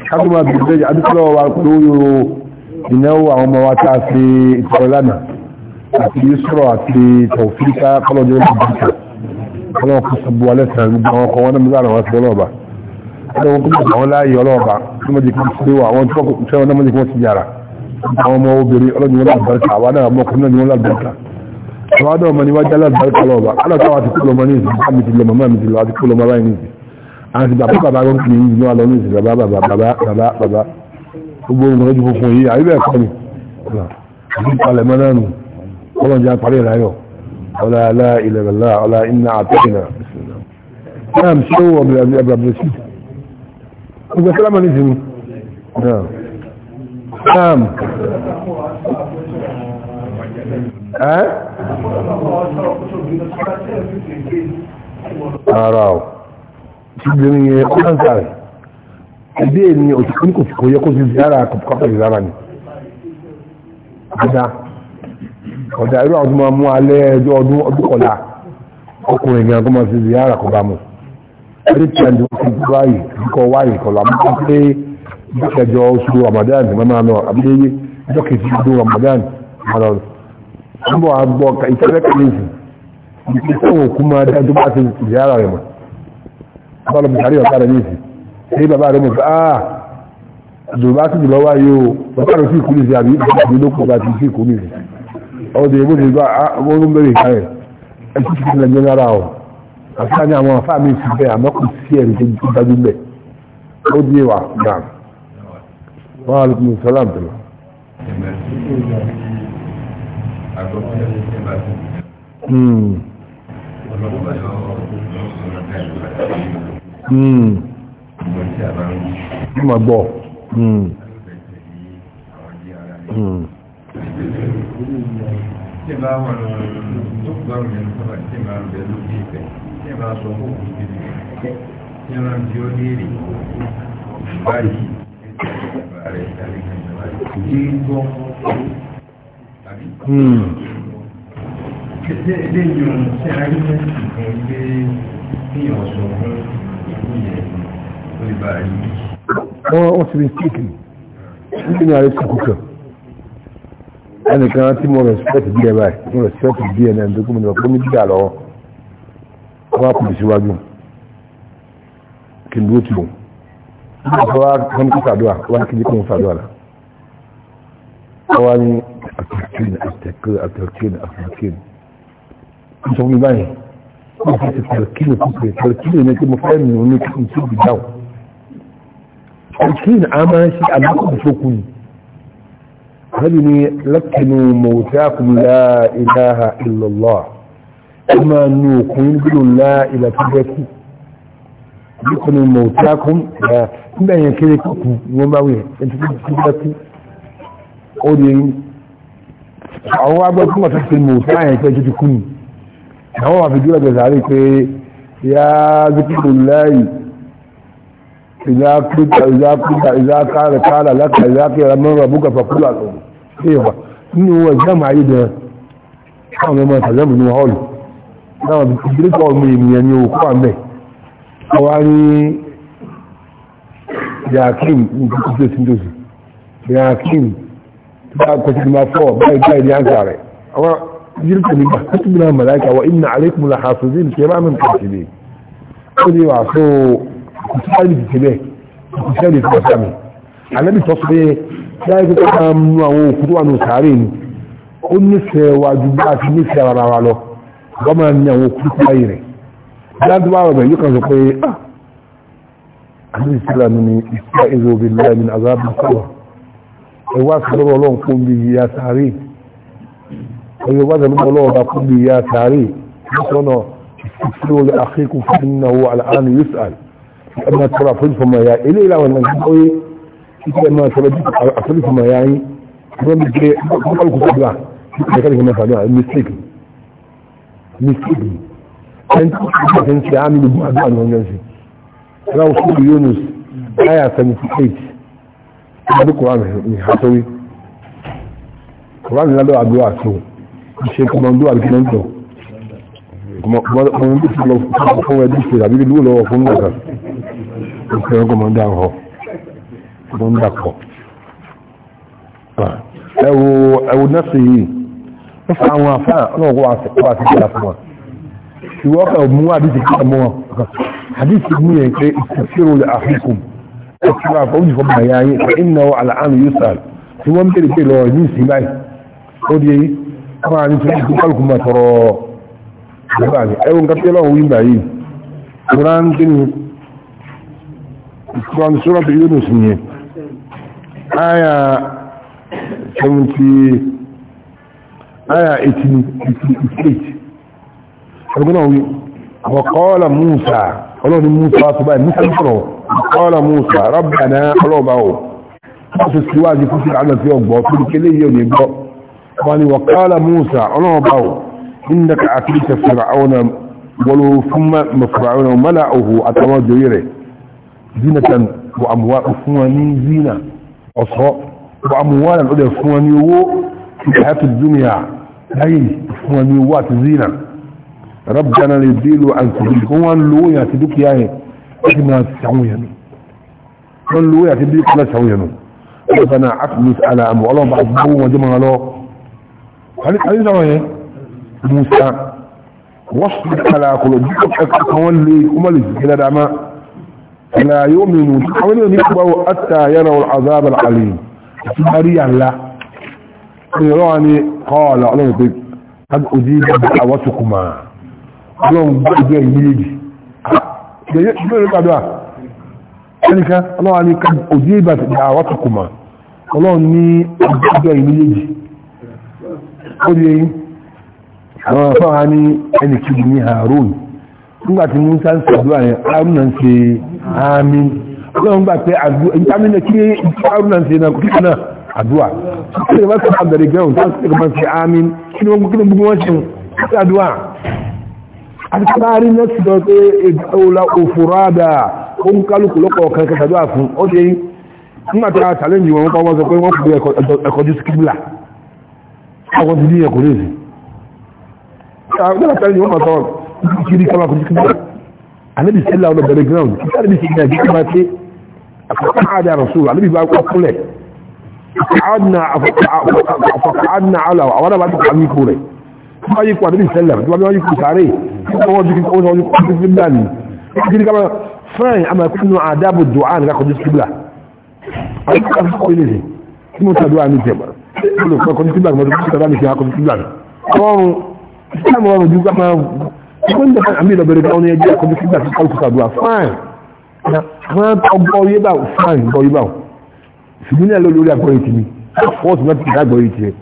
kágbà máa bèèrè lẹ́yìn adúgbò wa pẹ̀lú yòrò ìnáwó àwọn ọmọ wa tá a fi ìtọ̀rọ̀ lánàá àti yusrọ̀ àti tọ̀fíríkà kọlọ́jọ́ ìbùkà ọlọ́wọ́ kó sọ bu alẹ́ sàn gbogbo àwọn ọkọ̀ wọn náà mìíràn àwọn àti ọlọ́ọ̀bà ọlọ́wọ́ kó bọ̀ àwọn láàyè ọlọ́ọ̀bà tó mọ̀ jẹ́ kí wọ́n ti wà àwọn tó mọ̀ àwọn adọ́ ọmọ ni wá jálá ìbáríkà lọ́ọ̀bà alọ́tàwà ti kúlọ̀ ọmọ ní ìsìn bá mi ti lọ màmá mi ti lọ àti kúlọ̀ ọmọ báyìí ní ìsìn àti bàbá bàbá rọ kìí yìí náà lọ ní ìsìn bàbá bàbá bàbá bàbá bàbá gbogbo ogun lójú funfun yìí àyíbẹ̀ ẹ̀kọ́ ni àti ìpalẹ̀ mọ́ náà nù ọlọ́run jẹ́ àparí ìráyọ̀ ọlá alá ilẹ̀ bàlá ọlá iná àtẹ́kìnà náà mi ṣe wọ ọbẹ̀rẹ̀sì gbogbo sálámà ní ìsìn náà ara ọ̀ ṣùgbọ́n yẹ ọ́nà rẹ̀ ẹbí ẹni òṣìṣẹ́ kò kò yẹ kó ti di ara kọ̀pọ̀kọ̀pọ̀ ìlara ni ọ̀dá ọ̀dá irú àwọn tó máa mú alẹ́ ẹjọ́ ọdún ọdún kọ̀lá ọkùnrin gan tó máa ti di ara kọ̀ bá mu ẹni tí a ń dúró sí wáyé kíkọ wáyé kọ̀lá mú kọ́ pé ìjọkẹjọ oṣù Ramadan mẹ́mọ́ náà àbílẹ̀ ọjọ́ kejì ọdún Ramadan mọ́lọ́rùn àbọ̀ àgbọ̀ ìtẹ́fẹ́ kìlìsì ìpínlẹ̀ òkú máa dá tó bá ti ìyára rẹ̀ mọ̀ abọ́lọ̀ bùkárí ọ̀tá rẹ̀ nìsì ṣe bàbá rẹ̀ mọ̀ pé ah dùbá sì jùlọ wá yóò bàbá rẹ̀ sí ìkúlìsì àbí ìpínlẹ̀ ló kó bá ti sí ìkúlìsì ọdún ìbò ti gbá ọgbọ́n bẹ̀rẹ̀ ìkárẹ̀ ẹtí ti fi lẹ́jọ́ lára ọ̀ àfihàn ní àwọn afá mi ti bẹ̀ àmọ́ kò sí ẹ̀rí tó dájú bẹ̀ Mọ̀ gbọ́. Tí bá wà lọ́wọ́ tó gbọ́rùn ún sọ́wọ́ tí máa ń bẹ lókè ìfẹ́, tí bá sọ fún òkú ìdílé, tí wọ́n tí ó lè rí báyìí, ẹgbẹ̀rẹ̀ Hmm. wọ́n ti rí kíkì nígbìní ààrẹ kùkù kan ẹnìkan tí mo respect bí ẹ mo respect bí ẹ náà nítorí mo mi dídà lọ́wọ́ wọ́n á síwájú kí n dúró tì ó wọ́n kí sàdúrà wọ́n kí ní kí n sàdúrà náà wọ́n á ní التركين التركين التركين التركين انتوا من باين التركين التركين التركين انك مفاهم انك نسيب الجو التركين عما شيء الله بشوكني هذه لكنوا موتاكم لا اله الا الله اما نوكم بلو لا اله تبكي لكنوا موتاكم لا ان يكلكم وما وين انتوا تبكي قولي àwọn wá gbọ́ tí wọ́n ti ṣe mọ̀ sáyẹn pé títí kú ni àwọn wà fi dúró ẹgbẹ̀ sáré pé yá zikiru láì ìzákúta ìzákúta ìzákàrẹ̀ kààlà láti ìzákẹ̀rẹ̀ mọ́rọ̀ búkà fàkúlà lọ sí ìwà nínú wọn ìjáàmù ayé jẹ àwọn ọmọ ìtàjẹ́mù ní hall náà ìdíríkà ọmọ ènìyàn ní òkú àmẹ́ wá ní yakim ní kúkú sí ìtòsí yakim question number four báyìí báyìí ní àǹkà rẹ̀ àwọn yírùkù ní bá tó bí náà màláìka wa inna alaykum la hafizin kí ẹ máa mẹ́rin kàṣì lè ó ní wà so kò sí àyè tètè bẹ́ẹ̀ kò sí àyè tètè sàmì alẹ́bí sọ pé báyìí tó ká mú àwọn òkú tó wà ní sàárè ni ó wa ju bá a ti nífẹ̀ẹ́ ara wa lọ wọ́n máa ní àwọn òkú tó báyìí rẹ̀ dáadọ́ bá rẹ̀ yóò kàn sọ ah àlejò ni ìfẹ́ ìròbìnrin mi ni àzábí sọ̀rọ̀ ẹwà sọ̀rọ̀ ọlọ́run fún bí ìyá sàárè ẹ̀yọ́ wà sọ̀rọ̀ ọlọ́run bá fún bí ìyá sàárè lọ́sọ̀nà ìfúnfún olè àkíkù fún ìnáwó àlàánú yusuf ẹ̀mà tọrọ àfẹ́lẹ́fọ̀mọ̀ ya ilé ìlànà nàìjíríà oyè títí ẹ̀mà tọrọ àfẹ́lẹ́fọ̀mọ̀ ya yín wọ́n bí gbé ọkọ̀ kọ́bla ẹ̀ka nìkan mẹ́fà náà mistake mistake ọdún koran ní àtọ́rí koran ládọ́ àdúrà tó ṣe kọmọdú àdìkẹ́ntọ̀ kọmọdú ti lọ fún ẹdí ṣe àbí ìlú lọ́wọ́ fún ọ̀gá òkèrè kọmọdú àhọ kọmọdú àpọ̀ ẹwọ ẹwọ nọ́ọ̀sì yìí ó fa àwọn afá ọlọ́wọ́ wà sí ìjọba fún wa ìwọ́kà mú àdìsí kí ọmọ wọn àdìsí mú yẹn pé ìṣòro àfikún ẹ̀kọ́ àfọ́jú fọ́ bàyá ayé iná àlàáàmì yóò sàl tí wọ́n bèèrè pé lọ ní ìsìn báyìí ó di ọmọ àní tó kí kálukú máa tọrọ ìjọba àmì ẹwọ́n nǹkan tí ọlọ́run wíńgbà yìí quran kínú quran sura tó yóò sùn yẹn aya seventy aya eighteen eighty eight ẹgbẹ́ náà wí وقال موسى قالوا موسى سبحان موسى نفره قال موسى ربنا قالوا باو موسى السواج في على في يوم في كل كلي يوم يبقى وقال موسى قالوا باو إنك عكيت فرعون ولو ثم مفرعون وملأه اتواجه جويره زينة وأموال فواني زينة اصحاء وأموال الأولى فواني وو في الحياة الدنيا هاي فواني وات زينة ربنا ليديلوا عن سبيلك هو اللي يعتدوك يعني احنا ما تسعون يعني هو اللي يعتدوك لا تسعون يعني ربنا عقلت على أمو الله بعد بقوة وجمع له خليك عايز ايه موسى وصلت على قلوبك تولي وملك الى دعما لا يؤمنون حاولوا يكبروا حتى يروا العذاب العليم مريع لا يعني قال الله يقول قد أجيب دعوتكما ọlọ́run gbọ́dọ̀ ìmìlìdì ìgbẹ̀rẹ̀ padà ẹnìkan ọlọ́run ní òjí ìbà àwọ́tọ̀kùnmà ọlọ́run ní ọjọ́ ìmìlìdì ó di eyín àwọn afọ́ha ní ẹnì kìí ní Harun nígbàtí Musa ń sàdúrà yẹn Harun náà ń ṣe àmín ọlọ́run gbà pé ìtàmínà kí Harun náà ń ṣe náà àdúrà kí ni wọ́n sọ àgbẹ̀rẹ̀ gẹ́rùn tó ń ṣe àmín kí ni wọ́n gbogbo wọn ṣe àdúrà àtìkárí náà ti dọ̀ pé ìdáwòlá òfurada ó ń kálùkù lọ́pọ̀ kankan tàbí àfún ó ṣe nígbàtí a challenge wọn kọ́ wọ́n sọ pé wọ́n kò ẹ̀kọ́jú skibla àwọn ti ní ẹ̀kọ́ lèzi àwọn challenge wọn kọ́ kiri kama kọjú skibla anabi sẹ́lá ọ̀nà bẹ̀rẹ̀ ground kíkàrí bí sẹ́lá ẹ̀gbẹ́ kama ṣe àfọ̀kàádà rasul anabi bá kọ́ kúlẹ̀ àfọ̀kàádà àlọ́ àwọn àbájọ́ kàmí kúrẹ̀ ma yi kwa nabi sallam to ma yi ku tare ko wa jikin ko wa ku billah ni kidi kama fine ama kunu adabu du'a ga ko bismillah ay ka ko ni ni mo ta du'a ni jeba ko ko ni kidi ma ko ta ni ko bismillah ko ta mo wa ju ka ma ko nda kan amila bere ka oni ya ko bismillah ko ko ta du'a fine na ma ko bo yi ba fine bo yi ba sibina lo lórí agbo yi ti ni force ma ti agbo yi ti e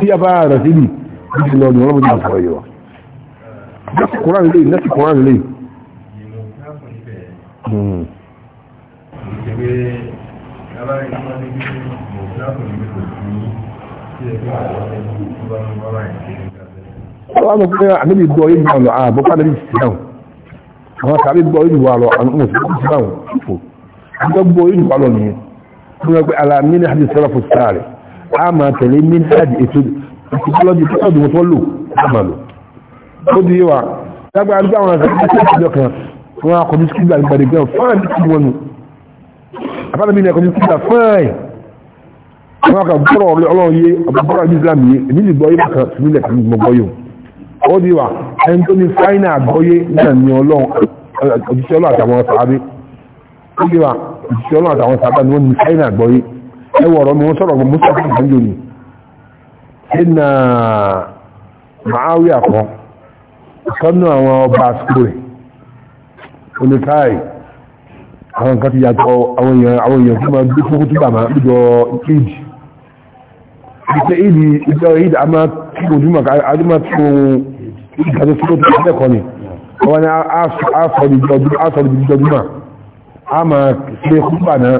bi ya ba rasidi bí lọ ni wọ́n mú ní àfọ̀rọ̀ yìí wá kùrán lè nẹ́sì kùrán lè. wọ́n á pé àníbi gbọ́ yìí náà lọ àbọ̀ká níbi ìsìláwọ̀ àwọn sàbí gbọ́ ìlú wa lọ àwọn òṣèlú báwọn fò gbọ́ gbọ́ ìlú lọ nìyẹn fún ẹgbẹ́ alamínà ìtìkọ́lọ́jì tó ọdún tó lò àmàlò ó di wà lágbà àdúgbò àwọn àgbàdo ìjọ kan wọn akọjú skúlà ìgbàdé gan fáìn tí wọn nù àbára mi ní akọjú skúlà fáìn wọn kà gbọ́rọ̀ ọlọ́run yé àbúgbọ́rọ̀ ní Islam yé èmi ní gbọ́yé kan sí nílẹ̀ kan mọ̀ gbọ́yé ó di wà ẹni tó ní fáìnà àgbọ́yé náà ní ọlọ́run òjíṣẹ́ ọlọ́run àtàwọn sàábé ó di wà òjíṣẹ́ ọlọ́run àtàwọn sàábé ni wọ́n ní fáìnà àgbọ́yé ẹwọ̀ ọ̀rọ̀ mi wọ́n sọ̀rọ̀ mọ́ ina ma'áwíyà kan sọ́nà àwọn ọba àsìkò rẹ̀ oníkáì àwọn nǹkan ti yàtọ̀ àwọn èèyàn tó máa gbé fún kútùbà máa lójọ ìdí ìpé ìdí ìjọ ìdí a máa tí kò jùmọ̀ àdúmà tí ó ìgbàjọ́ tí ó tó lẹ́kọ̀ọ́ ni wọ́n ni asọ̀rọ̀ ìjọ jùmọ̀ a máa ṣe kútùbà náà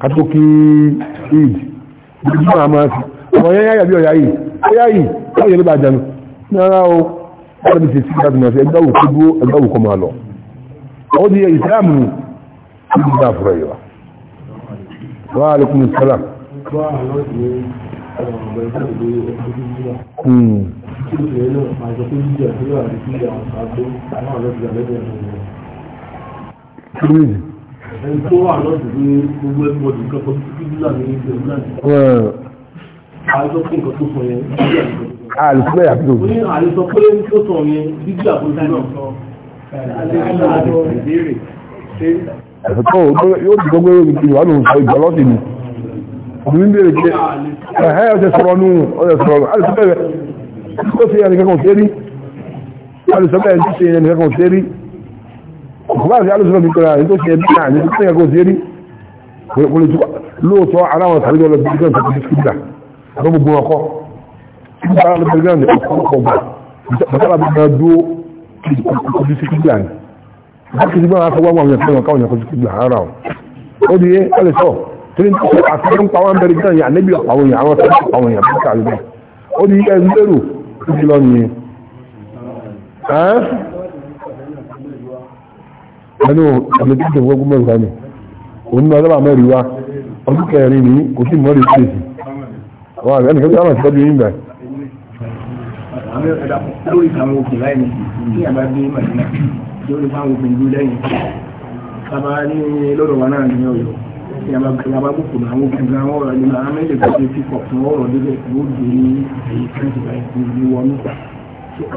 kátókí ìdí ìjọ máa wọ́n yẹ́ yáyà bí ọ̀yá yìí ọ̀yá yìí ọ̀yẹ́ ló bá jẹun náà o ọ̀rọ̀ mi ti sí ìdájú náà sí ẹgbẹ́ òkú dúró ẹgbẹ́ òkú máa lọ ó di ìsìlámù ní ìdí náà fúra yìí wa. wa alaikum salam. Hmm. Kúrìsì. Ẹni tó wà lọ́sùn ní gbogbo ẹgbọ́dún kẹ́kọ̀ọ́ sí kíkí nígbà ní ìgbà náà àlùfẹ́ àbúrò mi. àlùsọ pé tó sọ yẹn bíbí àbúrò náà sọ. ẹ̀sẹ̀ tó yóò ti gbogbo ẹ̀rọ ìpínlẹ̀ wà lóun sọ ìgbà lọ́sìn ni. òun ń béèrè pé ẹ̀hẹ́ ọ̀sẹ̀ sọ̀rọ̀ nù ọ̀sẹ̀ sọ̀rọ̀ nù àlùsọ bẹ̀rẹ̀ tó ṣe ẹnì kankan ṣe rí àlùsọ bẹ̀rẹ̀ tó ṣe ẹnì kankan ṣe rí. kò bá àti àlùsọ bẹ̀rẹ̀ kọ́ra ẹni tó ṣe ẹbí náà ẹni tó ṣe ẹnì kankan ṣe rí. lóòótọ́ aláwọ̀ tàbí àbọ̀ gbogbo ọkọ̀ bàtàlà ló bẹ̀rẹ̀ ní ọkọ̀ ọgbà bàtàlà bí wọ́n dúró ojú sí kígbà ni bàtàlà kìí gbọ́n akọ̀wọ́ àwọn èèyàn fẹ́ràn káwọn èèyàn kojú kígbà ara o ó di yé ọlẹ́ sọ torí àtúntò ń pa wọn bẹ̀rẹ̀ gbọ́n yà níbi àwọn èèyàn àwọn tó àwọn èèyàn bí káàlù bẹ́ẹ̀ ó di yé ẹgbẹ́rù tó ti lọ nìyẹn. ẹnu ọ̀nà wọ́n àgbẹ̀ ẹnìkan sábà ti tọ́jú yín bẹ̀. lórí àwọn òkè láì ní kí àbá dé màdínà lórí àwọn òkè ìlú lẹ́yìn bàbá ní lọ́dọ̀ wa náà ní ọ̀yọ́ ní àbá gbòkò àwọn òkè gan àwọn ọ̀rọ̀ nínú àwọn mẹ́lẹ̀ tó ṣe fífọ̀ fún ọ̀rọ̀ débẹ̀ ló dé ní èyí kan ti bá ìlú wọnú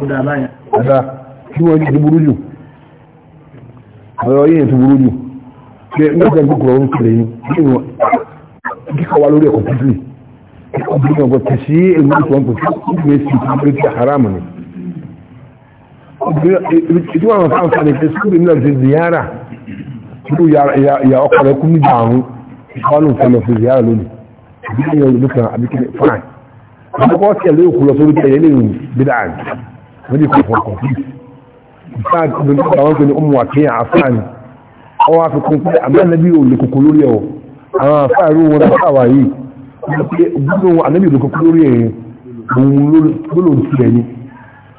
ọ̀dà báyà. ọ̀dà kí wọ́n burú jù ọ̀rọ̀ yìí ti burú jù pé nígbà gbòkò ọ̀hún kìlẹ̀ yìí wa lórí ẹ̀kọ́ pípì الدنيا والتشييع الموت وانت حرام ne ìdíwọ̀n àwọn fáwọn fàní pé skúrì náà ti ziyara tó yà ọkọ̀ rẹ̀ kú ní dàrún ìkọlùn fẹ́lẹ̀ fún ziyara lónìí ìdíwọ̀n yóò lókàn àbíkẹ́ fine àkọ́kọ́ tí ẹ̀lẹ́ òkú lọ sórí tẹ̀yẹ lẹ́yìn bídáàn wọ́n ní kọ̀ọ̀kan kọ̀ọ̀kan ìfáà tó ní àwọn pẹ̀lú ọmọ àkíyà àfáàní ọwọ́ àfikún pé àbẹ́lẹ́bí ò lè kòkó lórí ẹ̀ àwọn àfáà rú wọn àfáà wà yìí gbogbo anabi ìlú kankan lórí ẹ̀yìn òun ló ń tilẹ̀ ni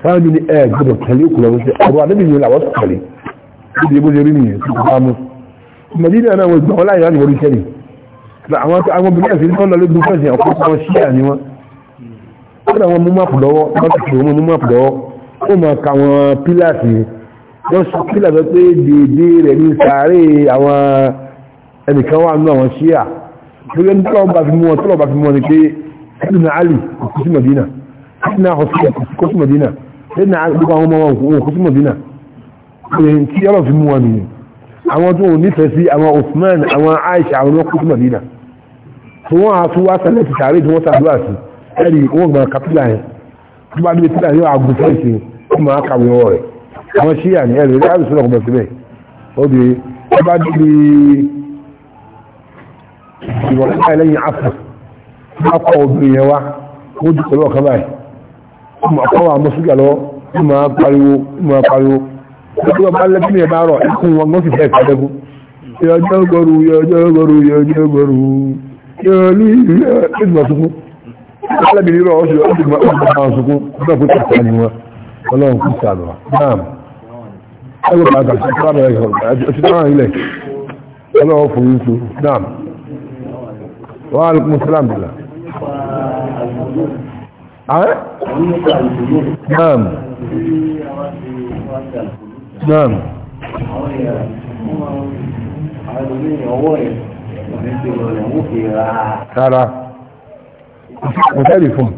sáájú ní ẹ gbọdọ̀ tẹ̀lé òkúlọ̀ wọn ṣe ọ̀rọ̀ anabi yìí làwọn tẹ̀lé ó di ebóde rí nìyẹn tó bá mú mẹdínà náà wọn gbà wọn láyé láti wọlé sẹ́ni àwọn àwọn obìnrin ẹ̀sìn tó ń lọ lójú fẹ́sẹ̀ ọ̀pọ̀ wọn ṣí àní wọn wọn àwọn mú máàpù lọ́wọ́ wọn ti fi wọn mú máàpù lọ́wọ́ ó máa ka wọn pílàsì wọn sọ pílàsì pé dèédé rẹ̀ ní sàárè àwọn ẹnìkan wà nínú àwọn ṣíà gẹ́gẹ́ ní tọ́lọ́ bá fi mú wọn tọ́lọ́ bá fi mú wọn ni pé ẹ̀dùn alì kò sí Madina ẹ̀dùn àhọ́sílẹ̀ kò sí Madina ẹ̀dùn alì gbogbo àwọn ọmọ wọn kò sí Madina ẹ̀yìn tí yọ́lọ̀ fi mú wọn nìyẹn àwọn tó wọn nífẹ̀ẹ́ sí àwọn Usman àwọn Aisha àwọn ọkọ̀ sí Madina tí wọ́n á tún wá sálẹ̀ ti sàárè tí wọ́n sàdúrà sí ẹ̀rì wọ́n ìwọ̀lọ́pàá ẹlẹ́yìn afọ akọ obìnrin yẹn ó dùn pẹ̀lú ọ̀kan báyìí ọkọ̀ wa lọ pariwo pariwo náà ọlọ́run fún náà wa alaikum salam bila ààrẹ naam naam rárá ìfẹ́lì fún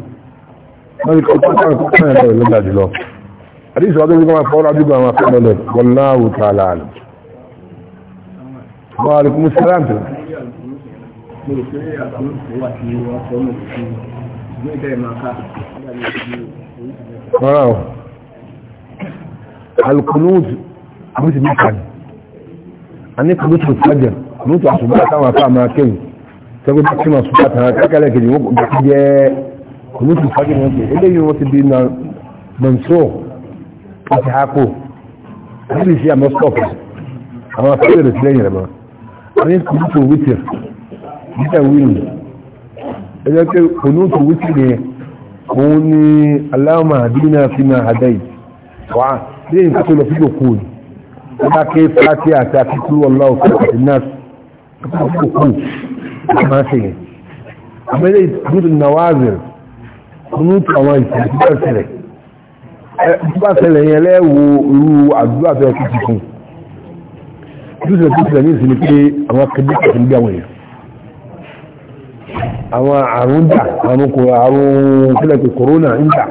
wọ́n ni kọ́kọ́ kọ́kọ́ kọ́kọ́ ẹ̀rọ ìlọ́gbà jùlọ àdíṣọ́ ọdún wípé máa fọ́ọ́rọ̀ àdúgbò àwọn afẹ́lọ́lẹ̀ wọ́n láàrùn tààlà àlù wọ́n mo rò pé àbámọ̀ tó wà tí wọ́n sọ mọ̀ sí ìgbé ìbẹ̀rẹ̀ máa ká rárá o alkunut abúti mẹ́ta ni a ní kùnútù fàjẹ̀ kùnútù àṣùgbà táwọn afá máa kéwì tẹ́gbẹ́ bá kí máa sùn láti ara kẹ́kẹ́lẹ́ kejì wọ́n kò ti jẹ́ kùnútù fàjẹ̀ wọn pé eléyìí wọ́n ti di na mọ̀nsó àti hako níbi iṣẹ́ àmọ́ stọ́ọ̀kì àwọn afẹ́lẹ̀ rẹ̀ sílẹ̀ yẹ̀rẹ̀ mọ́ a ní kùnútù wítìrì nígbà wíìlì ẹjọ́ pé olóòtú wíìlì rẹ̀ òun ni aláwọ̀mà àdínà fi máa àdáyì wà ní nǹkan tó lọ sí òkú ni wọ́n bá ké fàtí àti àkíkú ọlọ́wọ́ fún àti náà tó kú máa ṣe yẹn àmẹ́lẹ́ ìtúntò nàwázẹ̀ olóòtú àwọn ìtúntò sẹ̀rẹ̀ ìtúntò sẹ̀rẹ̀ yẹn lẹ́wọ̀ irú àdúrà ní ìsinmi pé àwọn akẹ́bí kẹ̀kẹ́ àwọn èèyàn àwọn àrùn dà àwọn kò àrùn sílẹ̀ pé kòrónà ń dà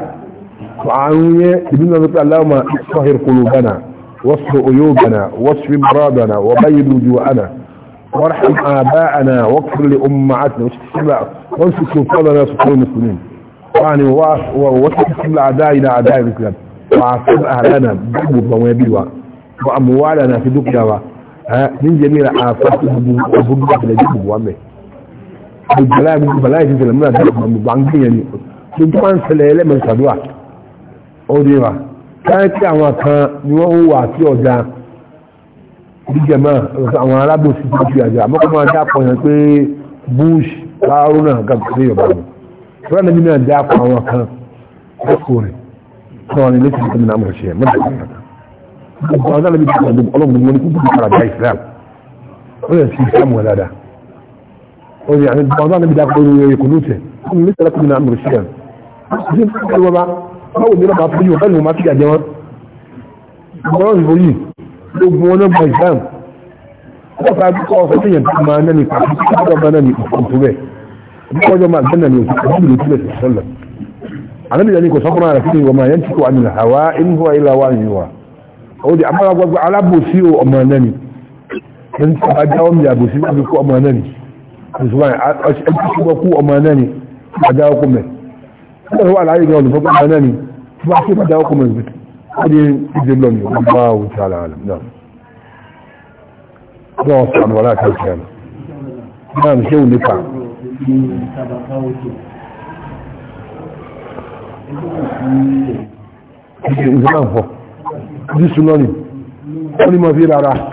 àrùn yẹn ìbí náà lọ́pẹ́ aláwọ̀mà ìsọ́hìr kòlóbánà wọ́sùn oyóbánà wọ́sùn mọ́rọ̀bánà wọ́báyé lójú àná وارحم آباءنا واغفر لأمهاتنا وانسك فضلنا سكر المسلمين يعني ووسك كل أعداء إلى أعداء الإسلام وعصب أهلنا بجب ومبيوا وأموالنا في دكتها من جميع آفات البجبة لجب وأمه bala bala yi tẹ̀lé múra dára mọ̀ bá ń gbìyàn ni tó tó máa ń ṣẹlẹ̀ ẹlẹ́mẹ̀ ó dé wa káyọ̀ àwọn kan ni wọ́n ń wà sí ọ̀dà ìjẹ̀mọ́ àwọn arábòsí tó ti àjà àmọ́kọ́ máa dá pọ̀ yẹn pé bush haruna gàgbé yorùbá mi fúra nàbí náà dá pọ̀ àwọn kan lẹ́kọ̀ọ́ rẹ̀ tí wọ́n ní létí tó ní àmọ̀ ṣe mọ́tò ìgbà kan ọ̀dà nàbí tó ti àjà wọ́n yà ní bọ́ọ̀dá níbi dákọ̀ ní ẹ̀yẹ kò lóòtẹ̀ wọ́n ní sẹ́lẹ̀ kùnú àmì òṣìṣẹ́ ṣe ń kọ́ lọ́wọ́ báwo ni ọba fún yóò fẹ́lẹ̀ máa fi àjẹ wọn bọ́ọ̀ ìbò yìí gbogbo wọn náà gba ìsáàmù wọ́n fà bí kọ́ ọ̀fẹ́ tẹ̀yẹ̀ tó máa nẹ́ni pàtó tó bá nẹ́ni òkú rẹ̀ bí kọ́ ọjọ́ máa gbẹ́ nẹ́ni òkú rẹ̀ ló tilẹ̀ sọ́lọ̀ àlẹ́bí yẹn ni wa ilà wa di àbára gbogbo alábòsí ọmọ nẹ́ni ẹni tí a bá jáwọ́ mi àbòsí wọ́n fi kó ọmọ nẹ́ni ìṣúwà ẹgbẹ́sùgbọ́kú ọmọ náà ni padà ọkùnmẹ̀ ẹgbẹ́ wà láyé gan olùfọ́gbọ́n ọmọ náà ni tí wá sí padà ọkùnmẹ̀ ọdí ìdílọ́ ni wọ́n bá wù tí ara rẹ̀ náà lọ́wọ́ sàn wọ́n láti ṣe ẹ̀nà náà ní ṣé òní pa ìṣẹ́ ìṣẹ́ náà fọ́ ìṣúná ni wọ́n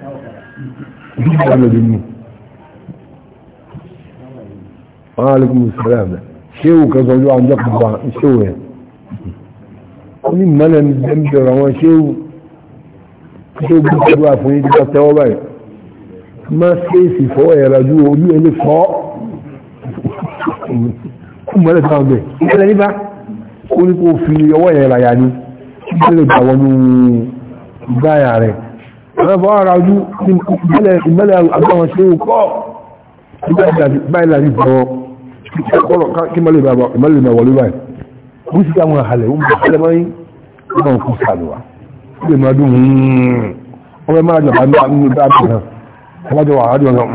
dúkìá lọ́dọ̀ nínú wọn á lékún ìṣẹ̀lẹ̀ àbẹ̀ ṣéwù kẹsàn ojú àwọn jọ́kọ̀ bá ṣéwù yẹn ó ní mọ́lẹ̀ ní bẹ̀rẹ̀ àwọn ṣéwù ṣéwù bí ṣéwù àfún yìí tó tẹ́wọ́ báyìí má ṣéèsì fọwọ́ ẹ̀rọ ju ojú ẹ̀ lè fọ́ ní kó lè gbà wọnú rẹ̀ ọ̀rọ̀bọ̀ ara ojú ìmẹ́lẹ̀ agbáwọn ṣe ń kọ́ báyìí láti bọ̀rọ̀ ọ̀rọ̀ kí mẹ́lẹ̀ ìmẹ́lẹ̀ wọlé báyìí bú sí àwọn àhàlẹ̀ ó bá hálẹ̀ mọ́yí ọmọ òkú sàlùwà ó lè máa dùn ọmọ máa jọba nínú dáàbì náà ọmọdé wà ájọ náà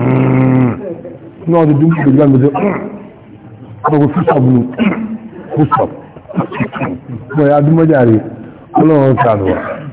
náà ti dùn pẹ̀lú láti gbèsè ọmọ kò fúsọ̀ bù fúsọ̀ ọmọ ya dúmọ́jà rẹ̀ ọlọ́run sàlùwà